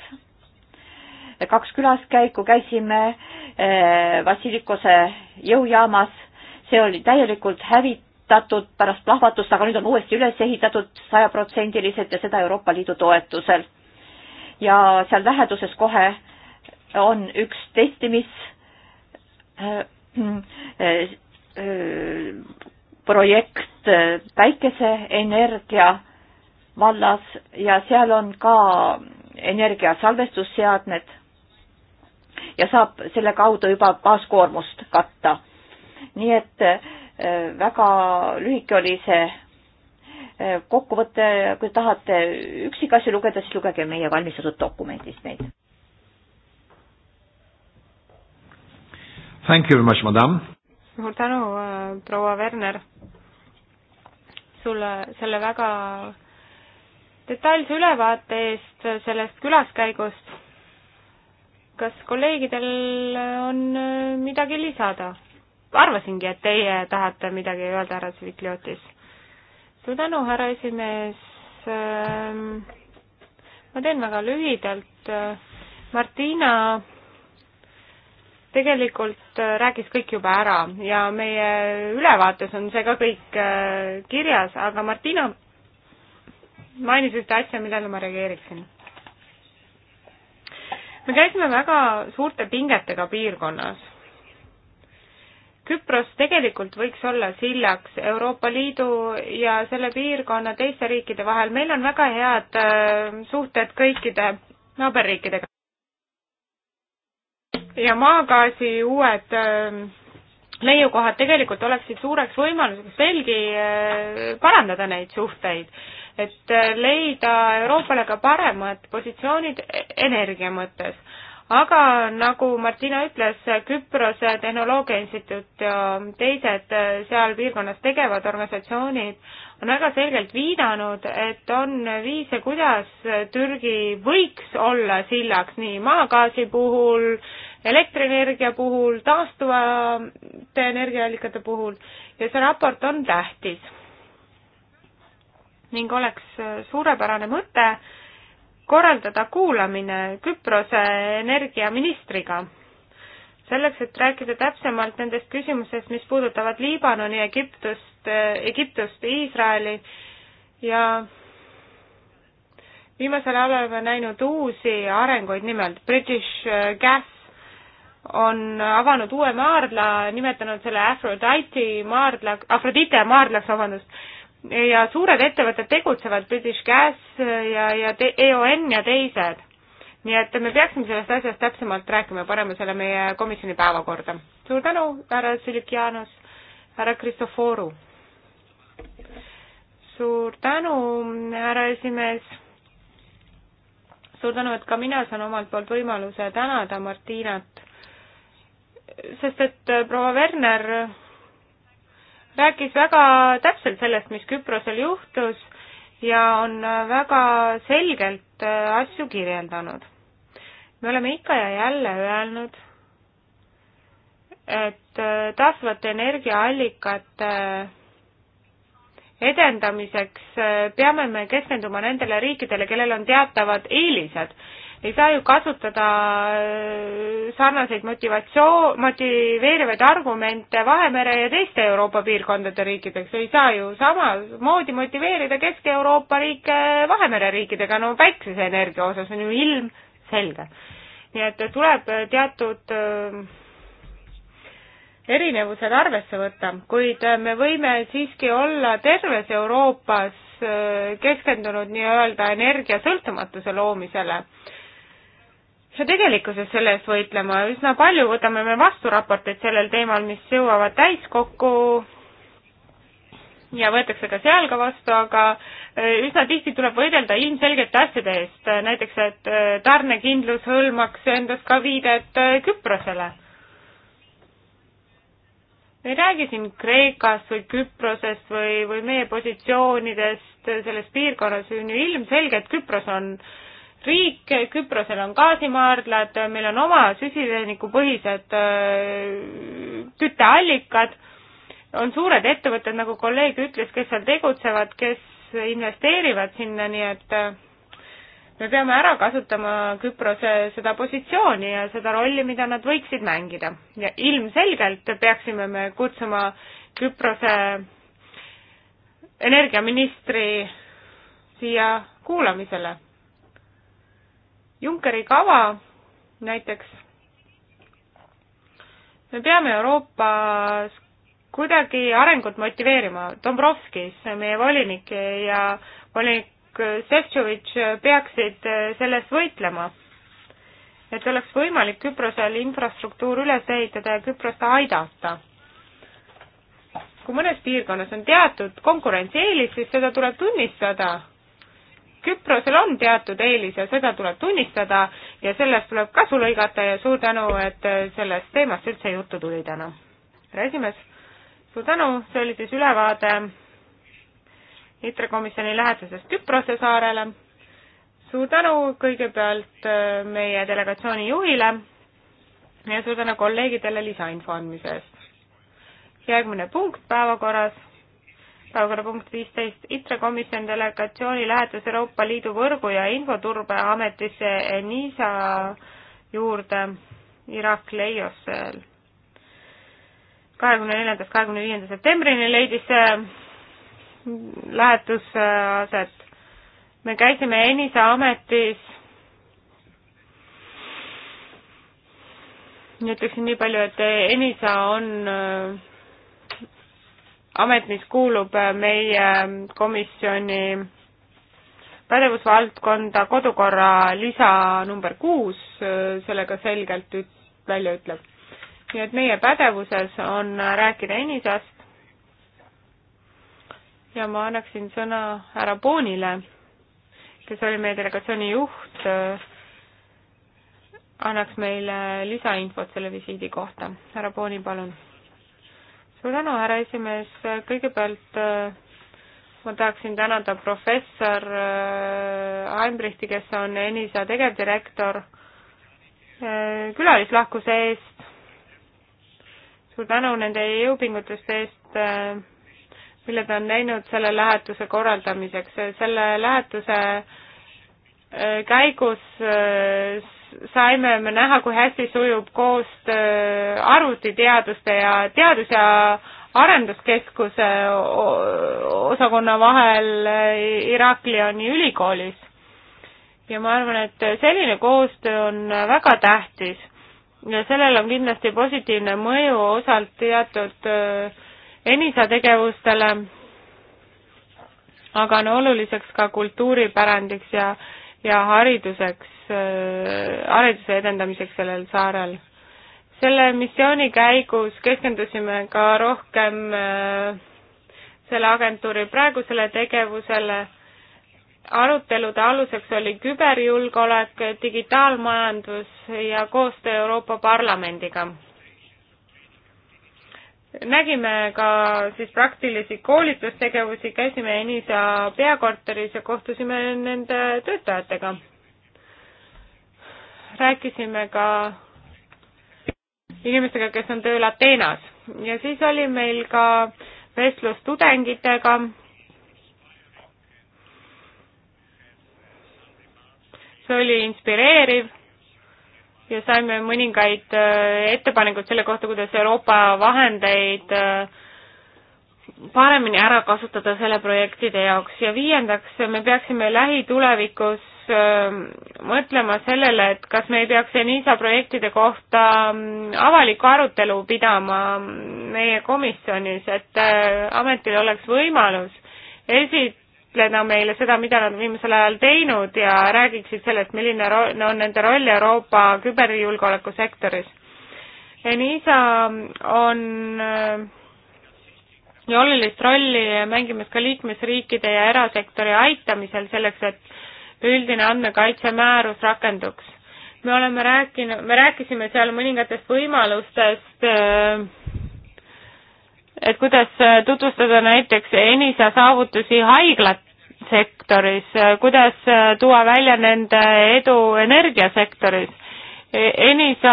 C: kaks külaskäiku käisime eh, Vassilikose jõujaamas, see oli täielikult hävitatud pärast plahvatust, aga nüüd on uuesti üles ehitatud sajaprotsendiliselt ja seda Euroopa Liidu toetusel. ja seal läheduses kohe on üks testimis eh, eh, projekt päikeseenergia vallas ja seal on ka energiasalvestusseadmed ja saab selle kaudu juba baaskoormust katta. nii et äh, väga lühike oli see äh, kokkuvõte, kui tahate üksikasju lugeda, siis lugege meie valmistatud dokumendist neid. Thank you very much, madam.
A: suur tänu, äh, proua Werner, sulle selle väga detailse ülevaate eest sellest külaskäigust. kas kolleegidel on äh, midagi lisada? arvasingi, et teie tahate midagi öelda, härra Svitliotis. suur tänu, härra esimees. Ähm, ma teen väga lühidalt. Martina tegelikult äh, rääkis kõik juba ära ja meie ülevaates on see ka kõik äh, kirjas, aga Martina mainisite asja, millele ma reageeriksin. me käisime väga suurte pingetega piirkonnas. Küpros tegelikult võiks olla sillaks Euroopa Liidu ja selle piirkonna teiste riikide vahel. meil on väga head äh, suhted kõikide naaberriikidega. ja maagaasi uued äh, leiukohad tegelikult oleksid suureks võimaluseks veelgi äh, parandada neid suhteid et äh, leida Euroopale ka paremad positsioonid e-, energia mõttes. aga nagu Martina ütles, Küprose Tehnoloogia Instituut ja teised äh, seal piirkonnas tegevad organisatsioonid on väga selgelt viidanud, et on viise, kuidas Türgi võiks olla sillaks nii maagaasi puhul, elektrienergia puhul, taastuvate energiaallikate puhul ja see raport on tähtis ning oleks äh, suurepärane mõte korraldada kuulamine Küprose energiaministriga, selleks, et rääkida täpsemalt nendest küsimustest, mis puudutavad Liibanoni, Egiptust, äh, Egiptust, Iisraeli ja viimasel ajal oleme näinud uusi arenguid, nimelt British äh, Gas on avanud uue maardla, nimetanud selle Aphrodite maardla, Aphrodite maardlaks, vabandust, ja suured ettevõtted tegutsevad, British Gas ja, ja EON e ja teised. nii et me peaksime sellest asjast täpsemalt rääkima ja paneme selle meie komisjoni päevakorda. suur tänu, härra Silikianus, härra Kristoforu. suur tänu, härra esimees. suur tänu, et ka mina saan omalt poolt võimaluse tänada Martinat, sest et proua Werner rääkis väga täpselt sellest, mis Küprosel juhtus ja on väga selgelt äh, asju kirjeldanud. me oleme ikka ja jälle öelnud, et äh, taastuvate energiaallikate edendamiseks äh, peame me keskenduma nendele riikidele, kellel on teatavad eelised ei saa ju kasutada äh, sarnaseid motivatsioon, motiveerivaid argumente Vahemere ja teiste Euroopa piirkondade riikideks, ei saa ju samamoodi motiveerida Kesk-Euroopa riike Vahemere riikidega, no päikeseenergia osas on ju ilmselge. nii et tuleb teatud äh, erinevused arvesse võtta, kuid äh, me võime siiski olla terves Euroopas keskendunud nii-öelda energiasõltumatuse loomisele see tegelikkuses selle eest võitlema, üsna palju võtame me vastu raporteid sellel teemal, mis jõuavad täiskokku ja võetakse ka seal ka vastu, aga äh, üsna tihti tuleb võidelda ilmselgete asjade eest, näiteks et äh, tarnekindlus hõlmaks endas ka viidet äh, Küprosele. me ei räägi siin Kreekast või Küprosest või, või meie positsioonidest selles piirkonnas, on ju ilmselge, et Küpros on äh, riik, Küprosel on gaasimaardlad, meil on oma süsinikupõhised äh, kütteallikad, on suured ettevõtted, nagu kolleeg ütles, kes seal tegutsevad, kes investeerivad sinna, nii et äh, me peame ära kasutama Küprose seda positsiooni ja seda rolli, mida nad võiksid mängida. ja ilmselgelt peaksime me kutsuma Küprose energiaministri siia kuulamisele Junckeri kava näiteks. me peame Euroopas kuidagi arengut motiveerima. Dombrovskis, meie volinik ja volinik Šefčovitš peaksid selle eest võitlema, et oleks võimalik Küprosel infrastruktuur üles ehitada ja Küprost aidata. kui mõnes piirkonnas on teatud konkurentsieelis, siis seda tuleb tunnistada Küprosel on teatud eelis ja seda tuleb tunnistada ja sellest tuleb kasu lõigata ja suur tänu, et äh, sellest teemast üldse juttu tuli täna. härra esimees, suur tänu, see oli siis ülevaade ITRE komisjoni lähetusest Küprose saarele. suur tänu kõigepealt äh, meie delegatsiooni juhile ja suur tänu kolleegidele lisainfo andmise eest. järgmine punkt päevakorras päevakorrapunkt viisteist, ITRE komisjoni delegatsiooni lähetus Euroopa Liidu Võrgu- ja Infoturbeametisse NISA juurde Iraak Leiossel. kahekümne neljandast kahekümne viienda septembrini leidis see lähetus aset. me käisime NISA ametis ütleksin nii palju, et ENISA on amet, mis kuulub äh, meie ähm, komisjoni pädevusvaldkonda kodukorra lisa number kuus äh, sellega selgelt üt-, välja ütleb. nii et meie pädevuses on äh, rääkida Enisast ja ma annaksin sõna härra Boonile, kes oli meie delegatsiooni juht, annaks meile lisainfot selle visiidi kohta. härra Booni, palun suur tänu, härra esimees, kõigepealt äh, ma tahaksin tänada professor Heimbrichti, äh, kes on ENISA tegevdirektor, äh, külalislahkuse eest. suur tänu nende jõupingutuste eest, mille ta on teinud selle lähetuse korraldamiseks. selle lähetuse käigus saime me näha, kui hästi sujub koostöö äh, arvutiteaduste ja teadus- ja arenduskeskuse osakonna vahel äh, Iraklioni ülikoolis. ja ma arvan, et selline koostöö on väga tähtis ja sellel on kindlasti positiivne mõju osalt teatud äh, ENISA tegevustele, aga on oluliseks ka kultuuripärandiks ja ja hariduseks, äh, hariduse edendamiseks sellel saarel. selle missiooni käigus keskendusime ka rohkem äh, selle agentuuri praegusele tegevusele. arutelude aluseks oli küberjulgeolek, digitaalmajandus ja koostöö Euroopa Parlamendiga nägime ka siis praktilisi koolitustegevusi, käisime Enisa peakorteris ja kohtusime nende töötajatega. rääkisime ka inimestega, kes on tööl Ateenas ja siis oli meil ka vestlus tudengitega. see oli inspireeriv ja saime mõningaid äh, ettepanekuid selle kohta, kuidas Euroopa vahendeid äh, paremini ära kasutada selle projektide jaoks ja viiendaks, me peaksime lähitulevikus äh, mõtlema sellele, et kas me ei peaks ENISA projektide kohta mm, avalikku arutelu pidama meie komisjonis, et ametil oleks võimalus esi-, esitleda meile seda, mida nad on viimasel ajal teinud ja räägiksid sellest, milline on nende roll Euroopa küberjulgeoleku sektoris. Enisa on äh, ja olulist rolli mängimas ka liikmesriikide ja erasektori aitamisel selleks, et üldine andmekaitsemäärus rakenduks. me oleme rääkinud, me rääkisime seal mõningatest võimalustest öö, äh, et kuidas äh, tutvustada näiteks Enisa saavutusi haiglat, sektoris, kuidas äh, tuua välja nende edu energiasektoris. E, Enisa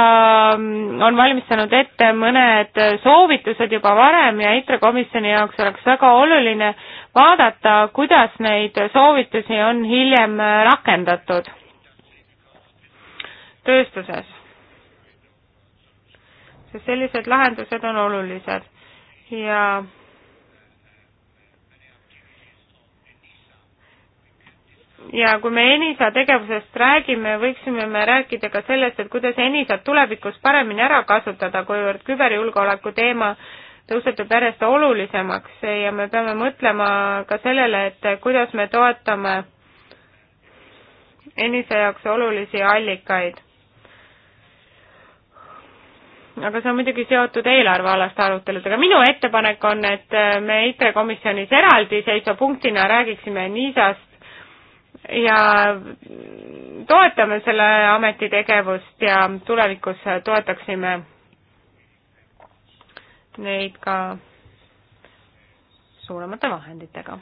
A: mm, on valmistanud ette mõned soovitused juba varem ja ITRE komisjoni jaoks oleks väga oluline vaadata, kuidas neid soovitusi on hiljem äh, rakendatud tööstuses. sest sellised lahendused on olulised ja ja kui me ENISA tegevusest räägime, võiksime me rääkida ka sellest, et kuidas ENISA-t tulevikus paremini ära kasutada, kuivõrd küberjulgeoleku teema tõusetub järjest olulisemaks ja me peame mõtlema ka sellele, et kuidas me toetame ENISA jaoks olulisi allikaid. aga see on muidugi seotud eelarvealaste aruteludega. minu ettepanek on, et me IT komisjonis eraldiseisva punktina räägiksime NISA-st ja toetame selle ameti tegevust ja tulevikus toetaksime neid ka suuremate vahenditega.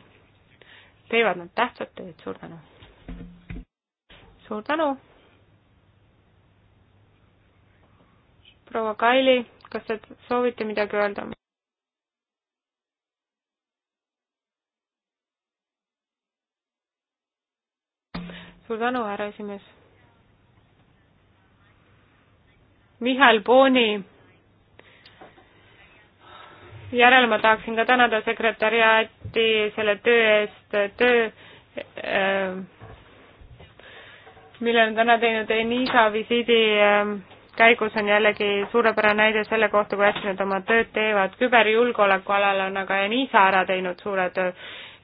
A: teevad nad tähtsat tööd, suur tänu! suur tänu! proua Kaili, kas te soovite midagi öelda? suur tänu, härra esimees. Mihhail Pooni järel ma tahaksin ka tänada sekretäriaati selle töö eest, töö äh, mille on täna teinud Enisa visiidi äh, käigus on jällegi suurepärane näide selle kohta, kui hästi nad oma tööd teevad. küberjulgeoleku alal on aga Enisa ära teinud suure töö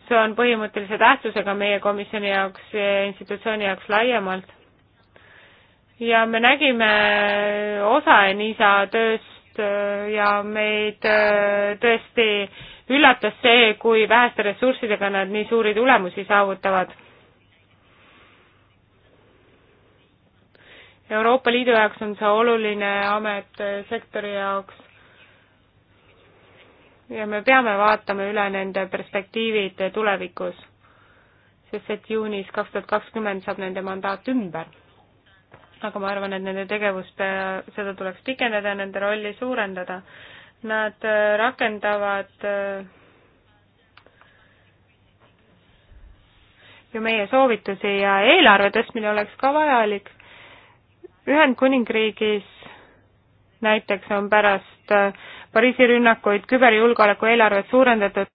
A: see on põhimõttelise tähtsusega meie komisjoni jaoks, institutsiooni jaoks laiemalt. ja me nägime osa Enisa tööst äh, ja meid äh, tõesti üllatas see, kui väheste ressurssidega nad nii suuri tulemusi saavutavad. Euroopa Liidu jaoks on see oluline amet äh, sektori jaoks ja me peame vaatama üle nende perspektiivid tulevikus, sest et juunis kaks tuhat kakskümmend saab nende mandaat ümber. aga ma arvan, et nende tegevust, seda tuleks pikendada ja nende rolli suurendada. Nad äh, rakendavad äh, ju meie soovitusi ja eelarve tõstmine oleks ka vajalik. Ühendkuningriigis näiteks on pärast äh, Pariisi rünnakuid, küberjulgeoleku eelarvet suurendatud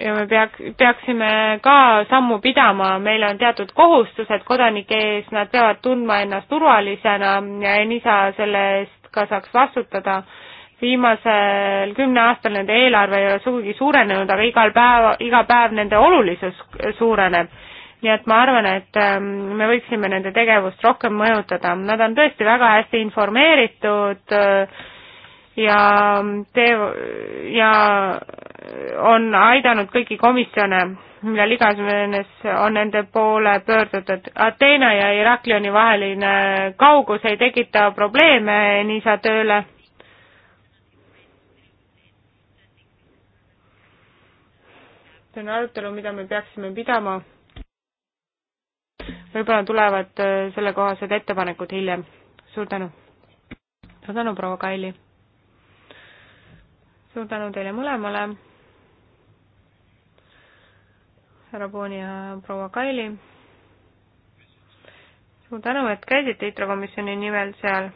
A: ja me peaks, peaksime ka sammu pidama, meil on teatud kohustused kodanike ees, nad peavad tundma ennast turvalisena ja Enisa selle eest ka saaks vastutada. viimasel kümne aastal nende eelarve ei ole sugugi suurenenud, aga igal päev, iga päev nende olulisus suureneb. nii et ma arvan, et ähm, me võiksime nende tegevust rohkem mõjutada, nad on tõesti väga hästi informeeritud äh, ja tee- ja on aidanud kõiki komisjone, millal iganes on nende poole pöördutud. Ateena ja Heraklioni vaheline kaugus ei tekita probleeme Niisa tööle. see on arutelu, mida me peaksime pidama. võib-olla tulevad sellekohased ettepanekud hiljem. suur tänu. suur tänu, proua Kaili suur tänu teile mõlemale, härra Pooni ja proua Kaili. suur tänu, et käisite ITRO komisjoni nimel seal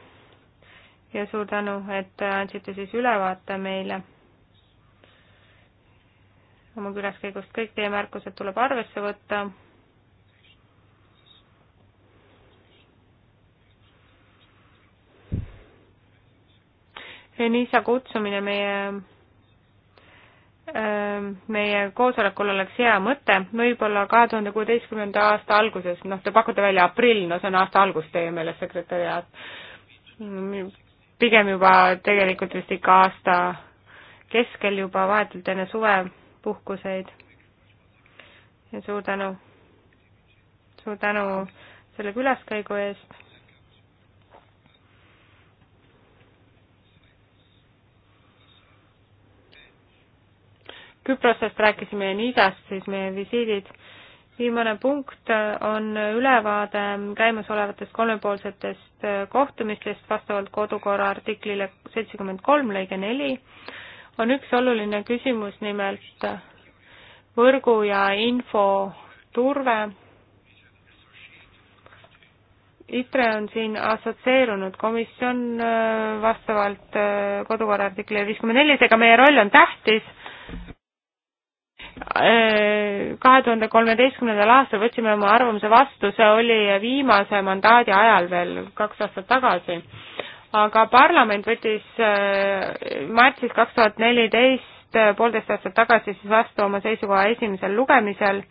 A: ja suur tänu, et andsite siis ülevaate meile oma külaskäigust. kõik teie märkused tuleb arvesse võtta Enisa kutsumine meie äh, meie koosolekul oleks hea mõte, võib-olla kahe tuhande kuueteistkümnenda aasta alguses, noh, te pakute välja aprill, no see on aasta algus teie meelest, sekretäriaat. pigem juba tegelikult vist ikka aasta keskel juba, vahetult enne suvepuhkuseid. ja suur tänu, suur tänu selle külaskäigu eest Küprosest rääkisime ja Niidast, siis meie visiidid. viimane punkt on ülevaade käimasolevatest kolmepoolsetest kohtumistest vastavalt kodukorra artiklile seitsekümmend kolm lõige neli. on üks oluline küsimus, nimelt võrgu ja infoturve. ITRE on siin assotsieerunud komisjon äh, vastavalt äh, kodukorra artiklile viiskümmend neli, seega meie roll on tähtis kahe tuhande kolmeteistkümnendal aastal võtsime oma arvamuse vastu, see oli viimase mandaadi ajal veel kaks aastat tagasi. aga parlament võttis äh, märtsis kaks tuhat neliteist, äh, poolteist aastat tagasi siis vastu oma seisukoha esimesel lugemisel.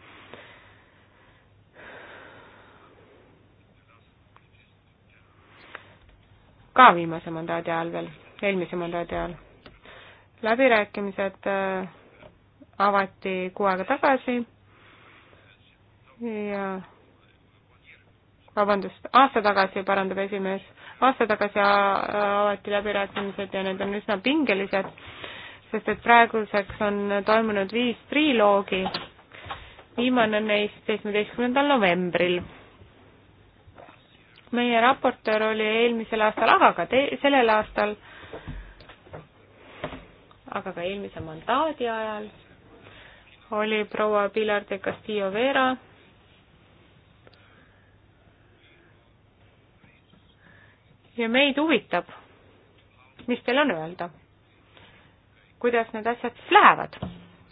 A: ka viimase mandaadi ajal veel, eelmise mandaadi ajal. läbirääkimised äh, avati kuu aega tagasi ja vabandust, aasta tagasi parandab esimees, aasta tagasi avati läbirääkimised ja need on üsna pingelised, sest et praeguseks on toimunud viis triloogi, viimane neist seitsmeteistkümnendal novembril. meie raportöör oli eelmisel aastal, aga ka te-, sellel aastal, aga ka eelmise mandaadi ajal oli proua Pilar de Castillo Vera. ja meid huvitab, mis teil on öelda, kuidas need asjad siis lähevad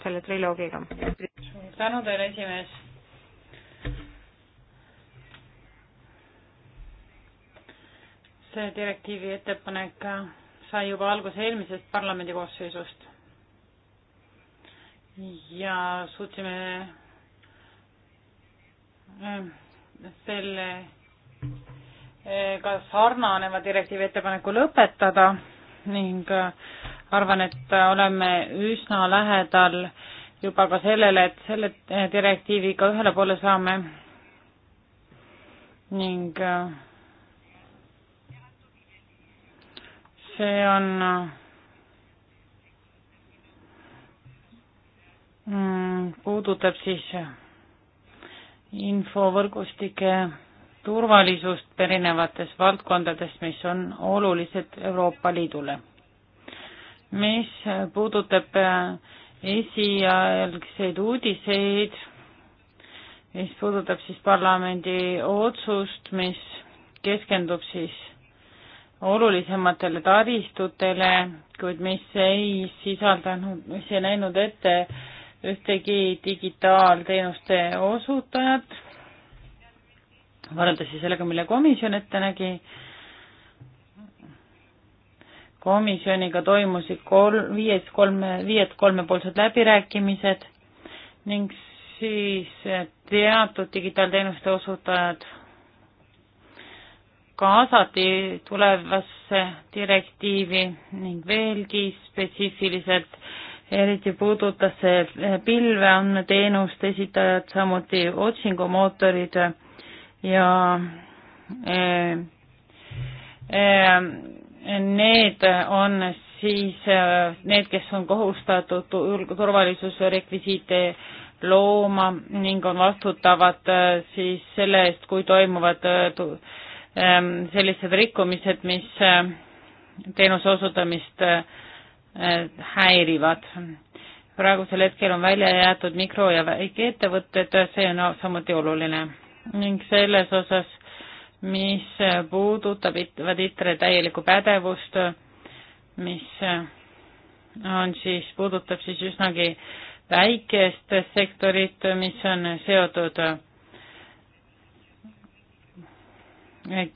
A: selle triloogiga?
B: suur tänu teile, esimees. see direktiivi ettepanek sai juba alguse eelmisest parlamendi koosseisust ja suutsime ähm, selle äh, ka sarnaneva direktiivi ettepaneku lõpetada ning äh, arvan, et äh, oleme üsna lähedal juba ka sellele, et selle direktiiviga ühele poole saame ning see on Mm, puudutab siis äh, infovõrgustike turvalisust erinevates valdkondades, mis on olulised Euroopa Liidule. mis äh, puudutab äh, esialgseid uudiseid, mis puudutab siis parlamendi otsust, mis keskendub siis olulisematele taristutele, kuid mis ei sisaldanud, mis ei näinud ette äh, ühtegi digitaalteenuste osutajat, võrreldes siis sellega, mille komisjon ette nägi. komisjoniga toimusid kolm, viies kolme, viied kolmepoolsed läbirääkimised ning siis teatud digitaalteenuste osutajad kaasati tulevasse direktiivi ning veelgi spetsiifiliselt äh, eriti puudutas see eh, pilveandmeteenuste esitajad, samuti otsingumootorid ja e, e, need on siis need, kes on kohustatud turvalisuse rekvisiite looma ning on vastutavad siis selle eest, kui toimuvad sellised rikkumised, mis teenuse osutamist Äh, häirivad. praegusel hetkel on välja jäetud mikro- ja väikeettevõtted, see on samuti oluline ning selles osas, mis puudutab ITRE täielikku pädevust, mis äh, on siis, puudutab siis üsnagi väikest sektorit, mis on seotud äh,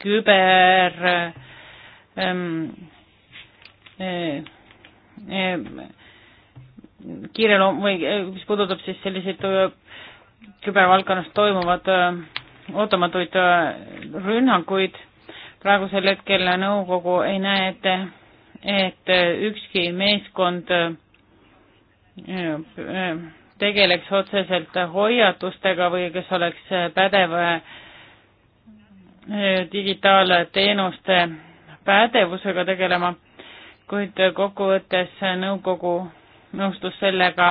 B: küber ähm, äh, Ehm, kiireloom- või eh, mis puudutab siis selliseid kübervaldkonnas toimuvad ootamatuid rünnakuid, praegusel hetkel nõukogu ei näe ette, et ükski meeskond tegeleks otseselt hoiatustega või kes oleks pädev digitaalteenuste pädevusega tegelema kuid kokkuvõttes nõukogu nõustus sellega,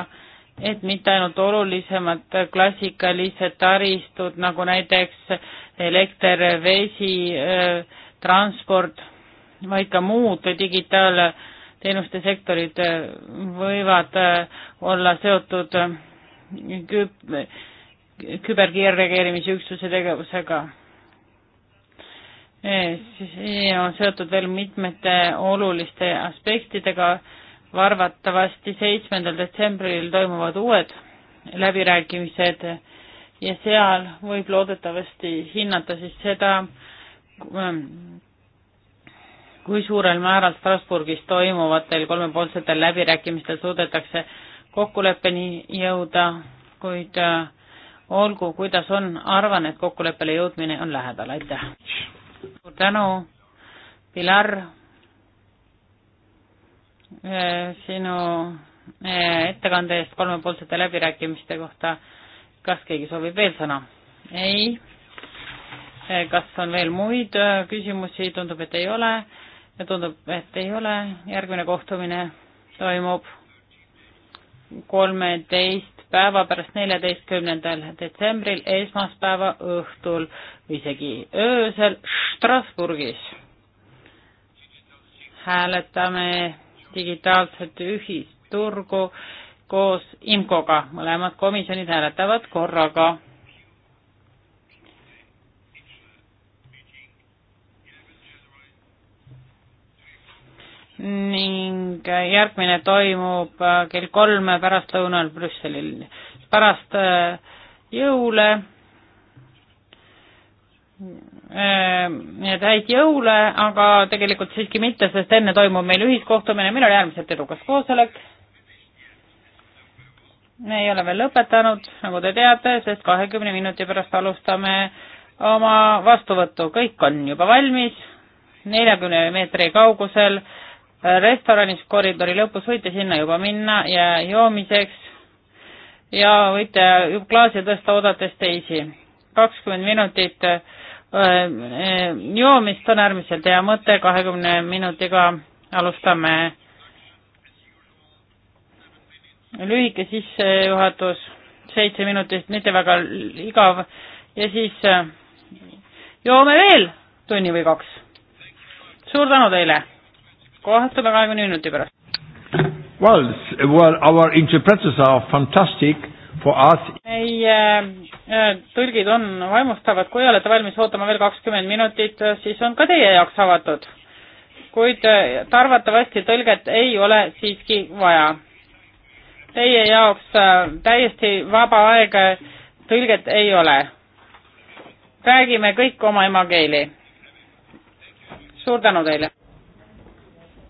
B: et mitte ainult olulisemad klassikalised taristud nagu näiteks elekter, vesi, transport, vaid ka muud digitaalteenuste sektorid võivad olla seotud küb-, küberkiirreageerimisüksuse tegevusega see on seotud veel mitmete oluliste aspektidega. arvatavasti seitsmendal detsembril toimuvad uued läbirääkimised ja seal võib loodetavasti hinnata siis seda, ähm, kui suurel määral Strasbourgis toimuvatel kolmepoolsetel läbirääkimistel suudetakse kokkuleppeni jõuda, kuid äh, olgu, kuidas on, arvan, et kokkuleppele jõudmine on lähedal, aitäh suur tänu, Pilar, sinu eh, ettekande eest kolmepoolsete läbirääkimiste kohta. kas keegi soovib veel sõna? ei. Eh, kas on veel muid eh, küsimusi? tundub, et ei ole. tundub, et ei ole. järgmine kohtumine toimub kolmeteist päeva pärast neljateistkümnendal detsembril esmaspäeva õhtul või isegi öösel Strasburgis. hääletame digitaalset ühisturgu koos IMCO-ga, mõlemad komisjonid hääletavad korraga ning järgmine toimub äh, kell kolm pärastlõunal Brüsselil. pärast äh, jõule, nii et häid jõule, aga tegelikult siiski mitte, sest enne toimub meil ühiskohtumine, meil oli äärmiselt edukas koosolek. me ei ole veel lõpetanud, nagu te teate, sest kahekümne minuti pärast alustame oma vastuvõttu, kõik on juba valmis, neljakümne meetri kaugusel äh, restoranis koridori lõpus, võite sinna juba minna ja joomiseks ja võite klaasi tõsta oodates teisi. kakskümmend minutit äh, äh, joomist on äärmiselt hea mõte, kahekümne minutiga alustame lühike sissejuhatus, seitse minutit, mitte väga igav ja siis äh, joome veel tunni või kaks. suur tänu teile! kohtume kahekümne minuti pärast.
C: Well, well, our interpreters are fantastic for us.
B: meie äh, tõlgid on vaimustavad, kui olete valmis ootama veel kakskümmend minutit, äh, siis on ka teie jaoks avatud. kuid äh, arvatavasti tõlget ei ole siiski vaja. Teie jaoks äh, täiesti vaba aeg tõlget ei ole. räägime kõik oma emakeeli. suur tänu teile!